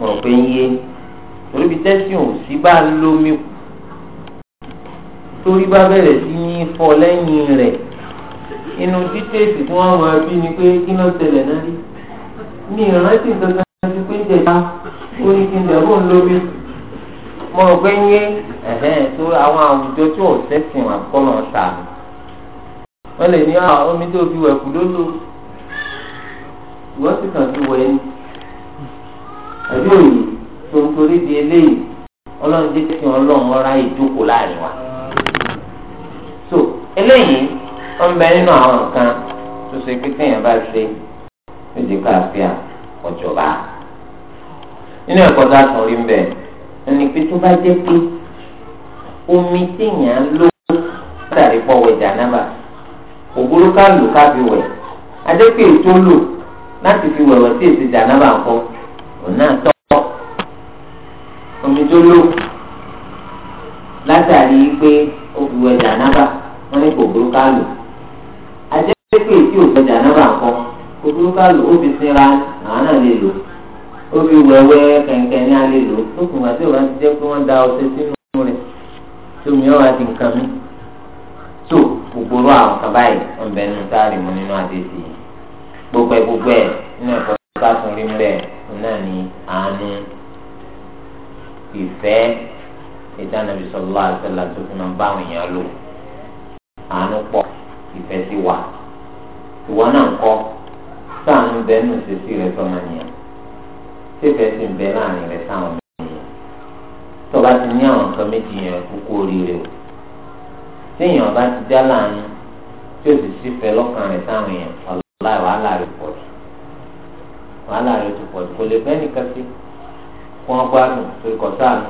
mọ̀ pé ń yé torí bí tẹ́sí ò sí bá lómi torí bá bẹ̀rẹ̀ sí ní fọ lẹ́yìn rẹ̀ inú dítẹ́sì tí wọ́n máa bí ni pé kí ló tẹ̀lẹ̀ náà rí mi ìrántí nǹkan kan ti pé jẹ̀dá ó ní kí n dẹ̀rù ń lómi mo rò pé yé ẹ̀hẹ́n tó àwọn àwùjọ tí ò sẹ́sìn àkọlọ̀ ta wọ́n lè ní ah, omi tó fi wẹ̀kú lólo ìwọ́n sì kàn fi torí di eléyìí ọlọ́run jẹ́ kí ọlọ́run ọ̀rá so eléyìí ó ń bẹ nínú àwọn nǹkan tó ṣe pé téèyàn bá ṣe ó di káfíà ọ̀jọ̀ba. nínú ẹ̀kọ́ tá a sọ rí ń bẹ̀ ẹni pé tó bá jẹ́ pé omi téèyàn lo látàrí pọ̀wẹ̀ ká lò ká fi wẹ̀ adépè tó lò láti fi wẹ̀wẹ̀ sí èsì jànábà kan jóló látàrí pé ó fi wẹ̀ jànábà wọ́n ní kò burú ká lò àjẹ́ pé tí ò wẹ̀ jànábà kan kò burú ká lò ó fi sinra àwọn náà lè lò ó fi wẹ̀wẹ́ kẹ̀kẹ́ ní alẹ́ lò ó kùn o òwà ti jẹ́ pé wọ́n da ọṣẹ sínú rẹ̀ tó mi ọ̀rọ̀ àti nǹkan mi tó gbogbo àwọn kaba yìí ọ̀bẹ nínú sáárì mu nínú àdéhìí gbogbo ẹ̀ gbogbo ẹ̀ nínú ẹ̀kọ́ tó bá tún rí náà ni àánú ìfẹ́ ìdánabi sallallahu alaihi wasallam tó fi máa ń bá àwọn èèyàn lò àánú pọ̀ ìfẹ́ sí wa ìwọ náà ń kọ́ sáànù bẹ́ẹ̀ nù sèṣì rẹ sọ́mọ nìyẹn sífẹ́ sì ń bẹ láàrin rẹ sáwọn mẹ́rin tọ́ba ti ní àwọn nǹkan méjì yẹn kúkú oríire o téèyàn bá ti dá láàrin tí ó sì sífẹ́ lọ́kàn rẹ sáwọn èèyàn ọ̀la wàhálà rẹ pọ̀ jù wàhálà rẹ ti pọ̀ jù kò lè bẹ́ẹ̀ nìkan sí i fún wọn gbádùn pé kò sáànù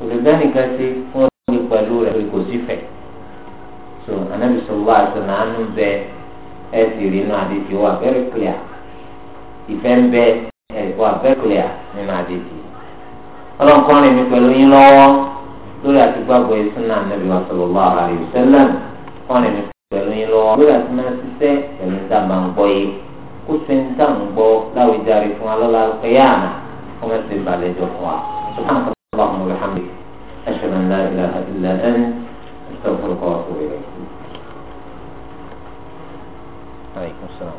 kò lè dánìkan sí fún wọn ní pẹ̀lú rẹ̀ pé kò sí fẹ̀. so anabi sọlá àtúnà ánú bẹ ẹ sì rí inú àdéjì wà very clear ìfẹ́ ń bẹ ẹ wà very clear nínú àdéjì. ọlọ́nkọ́rin mi pẹ̀lú yín lọ́wọ́ lórí àti gbàgbọ́ ìsúná anabi wa sọlọ́lá àrẹ ìṣẹ́lẹ̀ ọ̀rìn mi pẹ̀lú yín lọ́wọ́ lórí àti máa ṣiṣẹ́ pẹ̀lú ìta máa ń gbọ́ yé kó sì ń gbọ́ láwùjáre fún alọ́lá kẹyàmù. وما عليه القرآن سبحانك اللهم وبحمدك أشهد أن لا إله إلا أنت أستغفرك وأتوب إليك عليكم السلام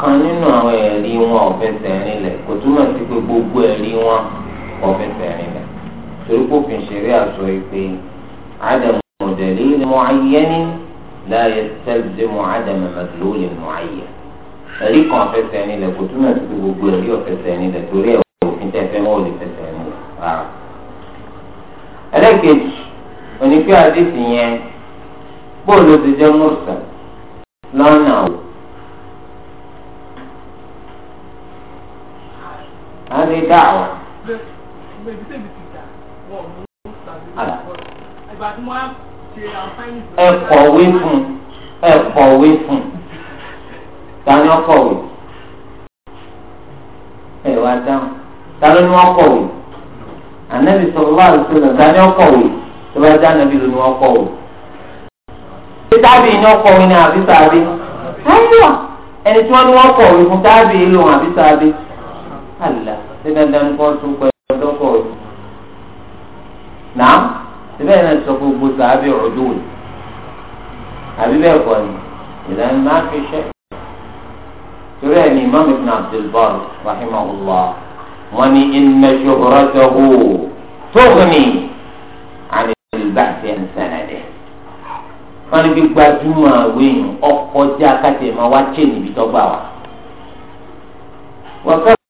kan nínú àwọn ẹ̀rí wọn ò fẹsẹ̀ rinlẹ̀ kò túmọ̀ sí pé gbogbo ẹ̀rí wọn ò fẹsẹ̀ rinlẹ̀ torí kò fi ṣeré àṣọ ìpè adam mọ̀dẹ̀lì mu'ayyan la yastalzimu adam madlul mu'ayyan ẹ̀rí kan fẹsẹ̀ rinlẹ̀ kò túmọ̀ sí pé gbogbo ẹ̀rí ò fẹsẹ̀ rinlẹ̀ torí ẹ̀ òfin tẹ́fẹ́ wọn ò lè fẹsẹ̀ rinlẹ̀ lọ́nà àwọn. àwọn ti dá àwọn. ẹ kọ̀wé fún ẹ kọ̀wé fún tani ọkọ̀wé ẹ wá dáhùn tani ni wọ́n kọ̀wé ànábì sọ̀rọ̀ wá àlùfẹ́ náà tani ọkọ̀wé tó bá dá ànábì lónìí wọ́n kọ̀wé. ṣé tábìlì ni ọkọ̀wé ni àbí sábì? ẹni tí wọ́n ní wọ́n kọ̀wé fún tábìlì lòun àbí sábì? àlà ṣé dandan kọ́ tún pẹ́ ọdọ́kọ̀ ọdún. nàá síbẹ̀ náà sọ gbogbo sàábì ọdún òní àbí bẹ́ẹ̀ kọ́ ni ìlànà máa fi ṣẹ́. torí ẹ̀ ní imam ibn abdulbar rahimahullah wọ́n ní inna shuhratahu tughni àni ìbáṣẹ ìsànàdẹ. wọ́n ní bí gbajúmọ̀ àwọn èèyàn ọkọjá kátìmọ̀ wá chẹ́ níbi tó gbà wá.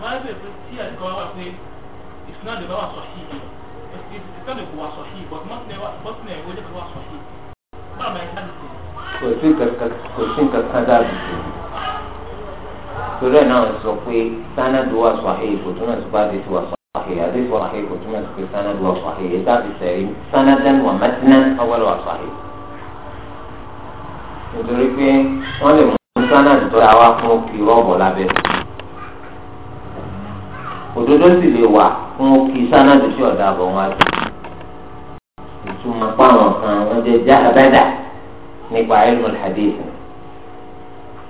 wọ́n á bẹ̀rẹ̀ pé tí àdìgbà wà pé ìsúná àdìgbà wà sọ̀hí ìsúná àdìgbà wà sọ̀hí bọ́tìnẹ̀ ìwé ìjọba wà sọ̀hí báwo ni àyíká dìbò. kò sí nǹkan kan dáàbò tó torí ẹ̀ náà sọ pé sanadu wà sọ̀hí kò túmọ̀ sí báàbí tí wà sọ̀hí àdìsí wà sọ̀hí kò túmọ̀ sí pé sanadu wà sọ̀hí ẹ̀ dáàbì sẹ̀rí sanadan wà mẹ́tínán awọ́lẹ̀ wà sọ̀hí. nítorí pé wọ́n lè mú sanadu tó dáa wá fún kí rọ́ọ̀bù lábẹ́. òdodo sì lè wà fún kí sanadu sí ọ̀dà bọ̀ wọn àti ìtumọ̀ páwọn kan wọ́n jẹ́ já abẹ́dà nípa ilmu hadith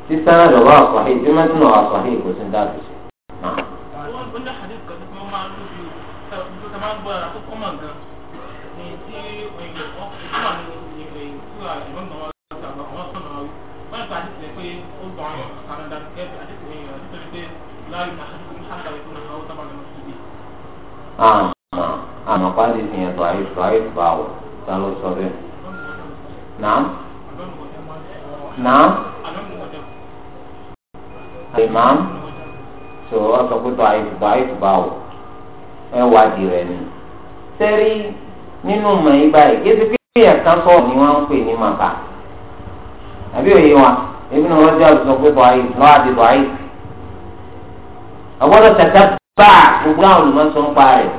tí sanadu bá wà sọ̀hìn tí mẹ́tún kò sí dáàbò sí. Thank you. àmà àmà pàdé di yẹn tọ́ àyè tọ́ àyè tọ́ àwọ̀ tá ló sọ bẹ́ẹ̀. Nàá nàá àlìmám tó ọ sọ pé tọ́ àyè tọ́ àyè tọ́ àwọ̀ di rẹ̀ ni. Sẹ́rí nínú mọ̀ yí báyìí kí ẹ ti fi ẹ̀ka sọ̀rọ̀ ni wọ́n ń pè ní màkà. Àbí òye wa ebi ni wọ́n jẹ́ àtúntò pé tọ́ àyè tọ́ àti tọ́ àyè. Àgbọ́dọ̀ tẹ̀tẹ̀ bá gbogbo àwọn olùmọ̀sọ ń pa rẹ̀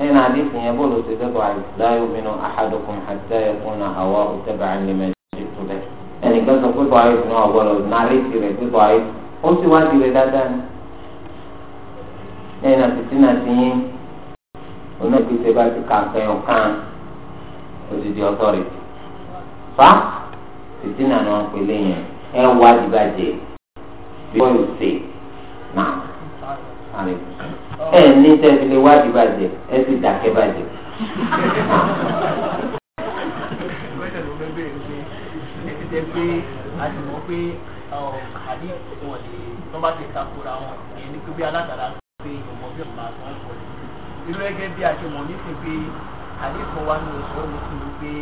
ẹ̀yin náà àdé fìyẹn bọ́ọ̀lù ṣe dẹ́kọ̀ àìsíláyò mìíràn àhàdùkùn àti ẹ̀kún náà àwa òtẹ́bà ànìmẹ̀ ṣe tó lẹ̀ ẹnìkan sọ pé bọ́ àìsí náà ọ̀gbọ́dọ̀ nàárẹ̀tì rẹ̀ pé bọ́ àìsí ó sì wá tirẹ̀ dáadáa ni ẹ̀yin náà títí náà ti yín onígbèsè bá ti kàkẹ́ ọ̀kan òdìdí ọ̀tọ́rìtì fa títí náà ni pè ẹ ní tẹ́sílẹ̀ wádìí bàjẹ́ ẹ sì dàkẹ́ bàjẹ́. irú ẹgẹ bí a ṣe mọ̀ nísìn pé àdéhùn wa ní oṣù ọmọkùnrin ló pé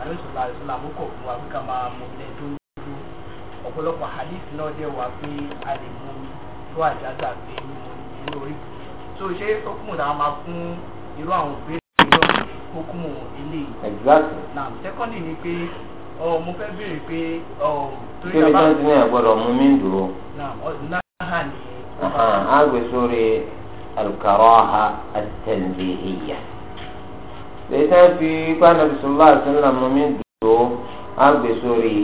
àdéhùn àdéhùn àmúkọ fún wa pé ká máa mọ ilẹ̀ tó ń dúró ọ̀pọ̀lọpọ̀ àdéhùn náà dẹ̀ wá pé a lè mú omi tó àjàgbà pé inú orí tó ṣe okùn náà máa fún irú àwọn òbéèrè náà okùn eléyìí. exactly. now secondly ni pé mo fẹ́ béèrè pé torí àbá. kí ni dájú ní àgbọ̀dọ̀ mú mi dùn o. náà ni. a gbé sórí alukaraha atẹnbihiyya. lẹ́tà fi kwana bisimilá sílẹ̀ mú mi dùn o a gbé sórí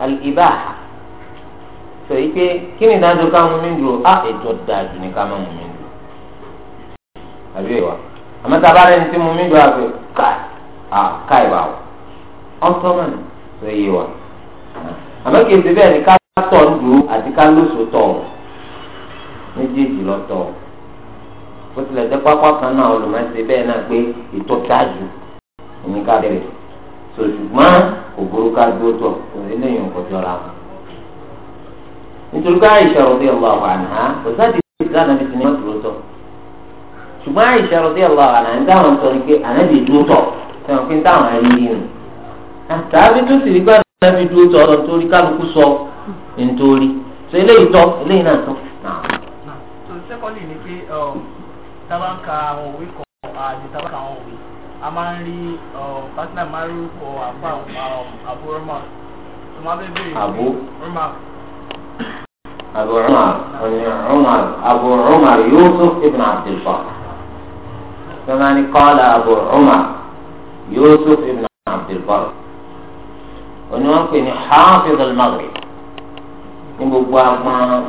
alibaha. sọ yìí pé kí ni ìdájọ́ ká mú mi dúró á ah, ètò dájú ni ká má mú mi dúró àbí ìwà àmọ́ tá a bá rẹ̀ ní tí mú mi dúró káì à káì bá wọ̀ sọ yìí wà àmọ́ bẹ́ẹ̀ ni ká tọ̀ ń dúró àti ká lóṣù tọ̀ méjèèjì lọ tọ̀ bó tilẹ̀ jẹ́ pápá kan náà olùmọ̀ọ́sẹ̀ nítorí pé àìsà rọ̀dí ọlọ́wà wà nà á kò sáà ti fi ìsìlá nàbí ti ní wọ́n dúró tọ̀ ṣùgbọ́n àìsà rọ̀dí ọlọ́wà wà nà á dáhùn sọ ni pé ànábì dúró tọ̀ sẹ́wọ̀n pé táwọn ẹni yìí nù. àtàbí tó sì rí pé ànábì dúró tọ̀ ọ̀rọ̀ torí kálukú sọ nítorí so eléyìí tọ́ eléyìí náà tọ́. sẹ́kọ̀ndì ni pé um, tábàǹkà àwọn òwe kọ àti tábàǹkà àwọn òwe a máa ń um, أبو عمر عمر أبو عمر يوسف ابن عبد البر كمان قال أبو عمر يوسف ابن عبد البر ونوكن حافظ المغرب نبوا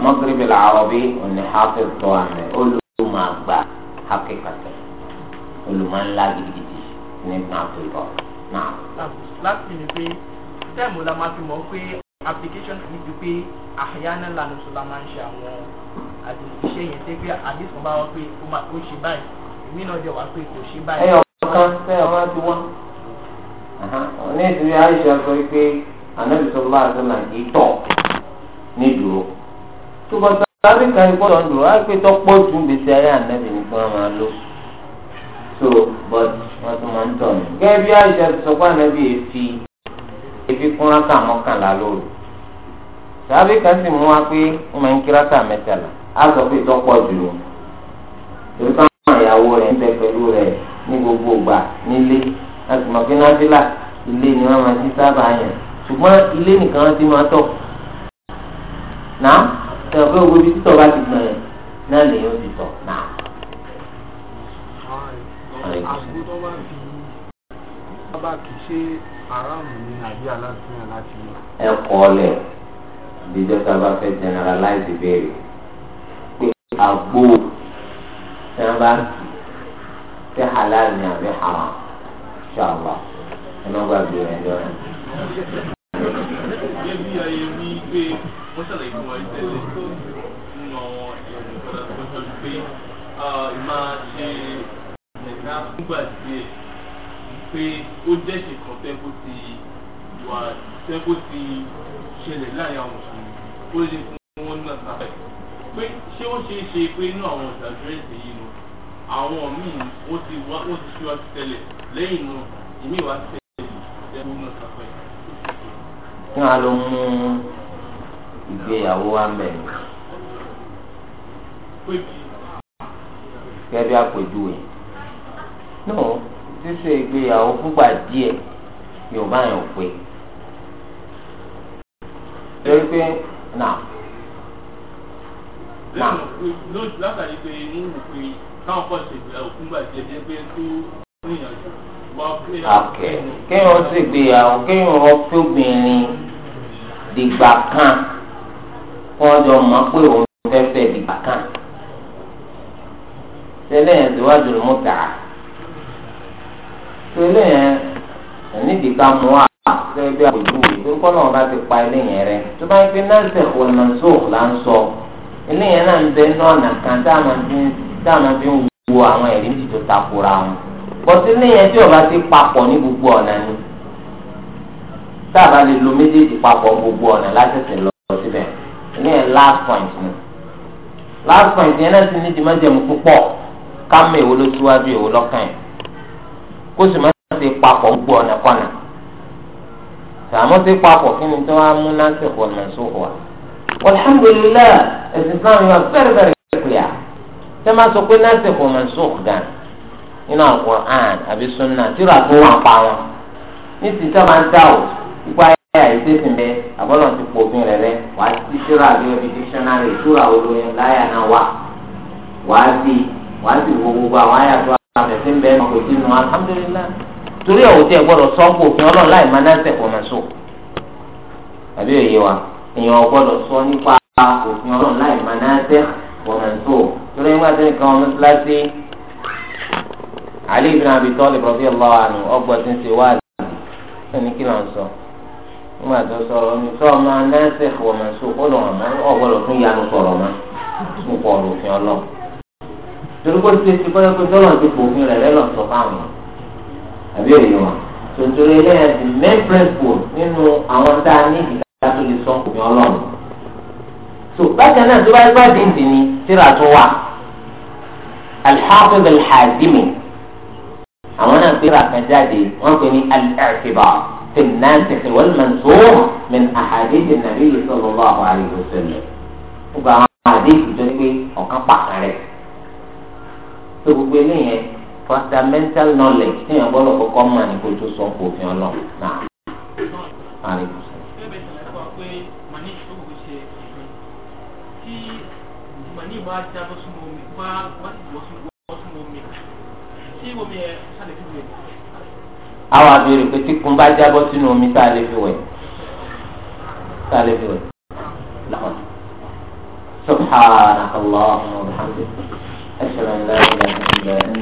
مغرب العربي ون حافظ طوامة قل ما أكبر حقيقة قل ما لا جديد ابن عبد البر نعم لا لا تنسي تعمل ما تمو application yìí ju pé àyánà lànà sọlá máa ń ṣe àwọn àdìsíṣẹ́ yẹn tẹ́ pé àdìsùn bá wọn pé ó ṣe báyìí èmi náà jẹ́ wá pé kò ṣe báyìí. ẹyọ kan sẹ́yọ máa ti wá. ní ìdílé àìsàn sọ pé ànábì sọ bá àti náà kì í tọ̀ ní dúró. tó bá sáré kan gbọ́dọ̀ ń á pé tó pọ̀ ju gbèsè ayé ànábì ní kí wọ́n máa so but wọ́n tún máa ń tọ̀ ní. gẹ́gẹ́ bí àìsàn sọ pé ànábì èéfì èéfì kúnra kà mọ́kànlá lóru. tàbí kan sì mú wa pé wọ́n máa ń kíra ká mẹ́tàlá á sọ pé tó pọ̀ jù ú torí káwọn ìyàwó rẹ̀ ń bẹ ní gbogbo ìgbà nílé pé ilé ni wọ́n máa ti sábà yàn ṣùgbọ́n ilé nìkan ti máa owó bá ti yẹn náà lèyìn ó ìdíjọ́ tá a bá fẹ́ generalize ìbéèrè pé àgbo tí wọ́n bá ń kì ṣé halal ni àbí haram ṣàlọ́ ẹ má gbàgbé rẹ̀ lọ́rùn. Ebi ayé ní ah, pé ó jẹ́ ṣe kàn ti ìwà tẹ́kọ̀ ti ṣẹlẹ̀ láàrin àwọn mùsùlùmí ó lè fún wọn náà sábẹ̀ pé ṣé ó ṣeé ṣe pé inú àwọn ìdàdúrẹ́sì yìí nu àwọn míì wọ́n ti wá wọ́n ti ṣíwájú tẹ́lẹ̀ lẹ́yìn nu ìmí ìwà tẹ́lẹ̀ tẹ́kọ̀ náà sábẹ̀. fún wa ló mú ìgbéyàwó wa mẹ́rin. gẹ́gẹ́ bí náà ṣíṣe ìgbéyàwó fúngbà díẹ̀ yorùbá yẹn ò pé torí pé nà. látàrí pé mú wù pé káwọn pọ̀ ṣe ìgbéyàwó fúngbà tí ẹ jẹ́ pé tó níyànjú. Okay. kéèyàn ó sì gbéyàwó kéèyàn ó fi obìnrin dìgbà kan kó ọjọ́ mọ̀ pé òun fẹ́ fẹ́ dìgbà kan tẹ́lẹ̀ yẹn síwájú ló mú tà á tẹ́lẹ̀ yẹn nídìí ká mú wa gẹ́gẹ́ bí àpèjú rẹ̀ tó ń kọ́ náà bá ti pa eléyẹn rẹ̀ tó bá ń pe nọ́ọ̀sì wọn náà sóò là ń sọ eléyẹn náà ń bẹ nọ́ọ̀nà kan táwọn fi ń wo àwọn ẹ̀rí ti tó takora wọn bọ́tí eléyẹn tí ọba ti papọ̀ ní gbogbo ọ̀nà ni táàbà lè lo méjèèjì papọ̀ gbogbo ọ̀nà látẹ̀sẹ̀ lọ síbẹ̀ eléyẹn last point ni last point yẹn náà sì ní dìmọ́jẹ̀mú púpọ̀ ká mọ èwo ló síwájú èwo lọ́kàn yẹn kó sì má ti papọ̀ gbogbo ọ̀nà kọ́nà tààmọ́ sí papọ̀ kí ni tí wọ́n á mú náṣẹ̀ pọ̀ náà sọ wà. alhamdulillah ẹ̀sìn islam yóò bẹ̀rẹ̀ bẹ̀rẹ̀ pẹ̀lú yà tẹ́ máa sọ pé náṣẹ̀ pọ̀ náà sọ gan nínú Al-Qur'an àbí sunna tíra tó wà pa wọn ní ti sábà ń dá o ipò ayé àìsè sì bẹ àbọ̀lọ̀ ti pò fún rẹ̀ rẹ̀ wàá ti tíra àbí ọbí dictionary ìtura olóyún láyà náà wà wàá ti wàá ti wo gbogbo àwọn àyàtọ̀ àmẹ̀sìn bẹ́ẹ̀ mọ̀ torí ẹ̀ òtí ẹ̀ gbọ́dọ̀ sọ́ńpọ̀ òfin ọlọ́run láì máa náà sẹ̀kọ̀ máa sọ àbí òye wa èèyàn gbọ́dọ̀ sọ nípa òfin ọlọ́run láì máa náà sẹ̀kọ̀ máa sọ torí ẹ̀ gbàtẹ́ nìkan ọmọ síláṣí Ali ibn Abi Talib radiyallahu anhu ọgbọ́ tí ń ṣe wá ẹni kí náà sọ nígbà tó sọ̀rọ̀ ní sọ máa sọ ọgbọ́dọ̀ tún yanu kó ti àbí òye wọn tòtòrò eléyàn di main principle nínú àwọn tá a ní ìdájọ́ tó lè sọ òfin ọlọ́run tó bákan náà tó bá gbá dèndé ni tíra tó wà al-Hafiz al-Hazimi àwọn náà tíra kan jáde wọn pè ní al-i'tibar fi an-nasikh wal-mansukh min ahadith an-nabiy sallallahu alayhi àwọn àdéhùn tó ní pé ọ̀kan pàkan tó gbogbo eléyàn fundamental knowledge tí èèyàn gbọ́dọ̀ kọ́kọ́ mọ̀ ní kó tó sọ kó fi hàn lọ. àwọn àbèrè pé tí kun bá jábọ́ sínú omi tá a lè fi wẹ̀ tá a lè fi wẹ̀ láwọn. سبحانك اللهم وبحمدك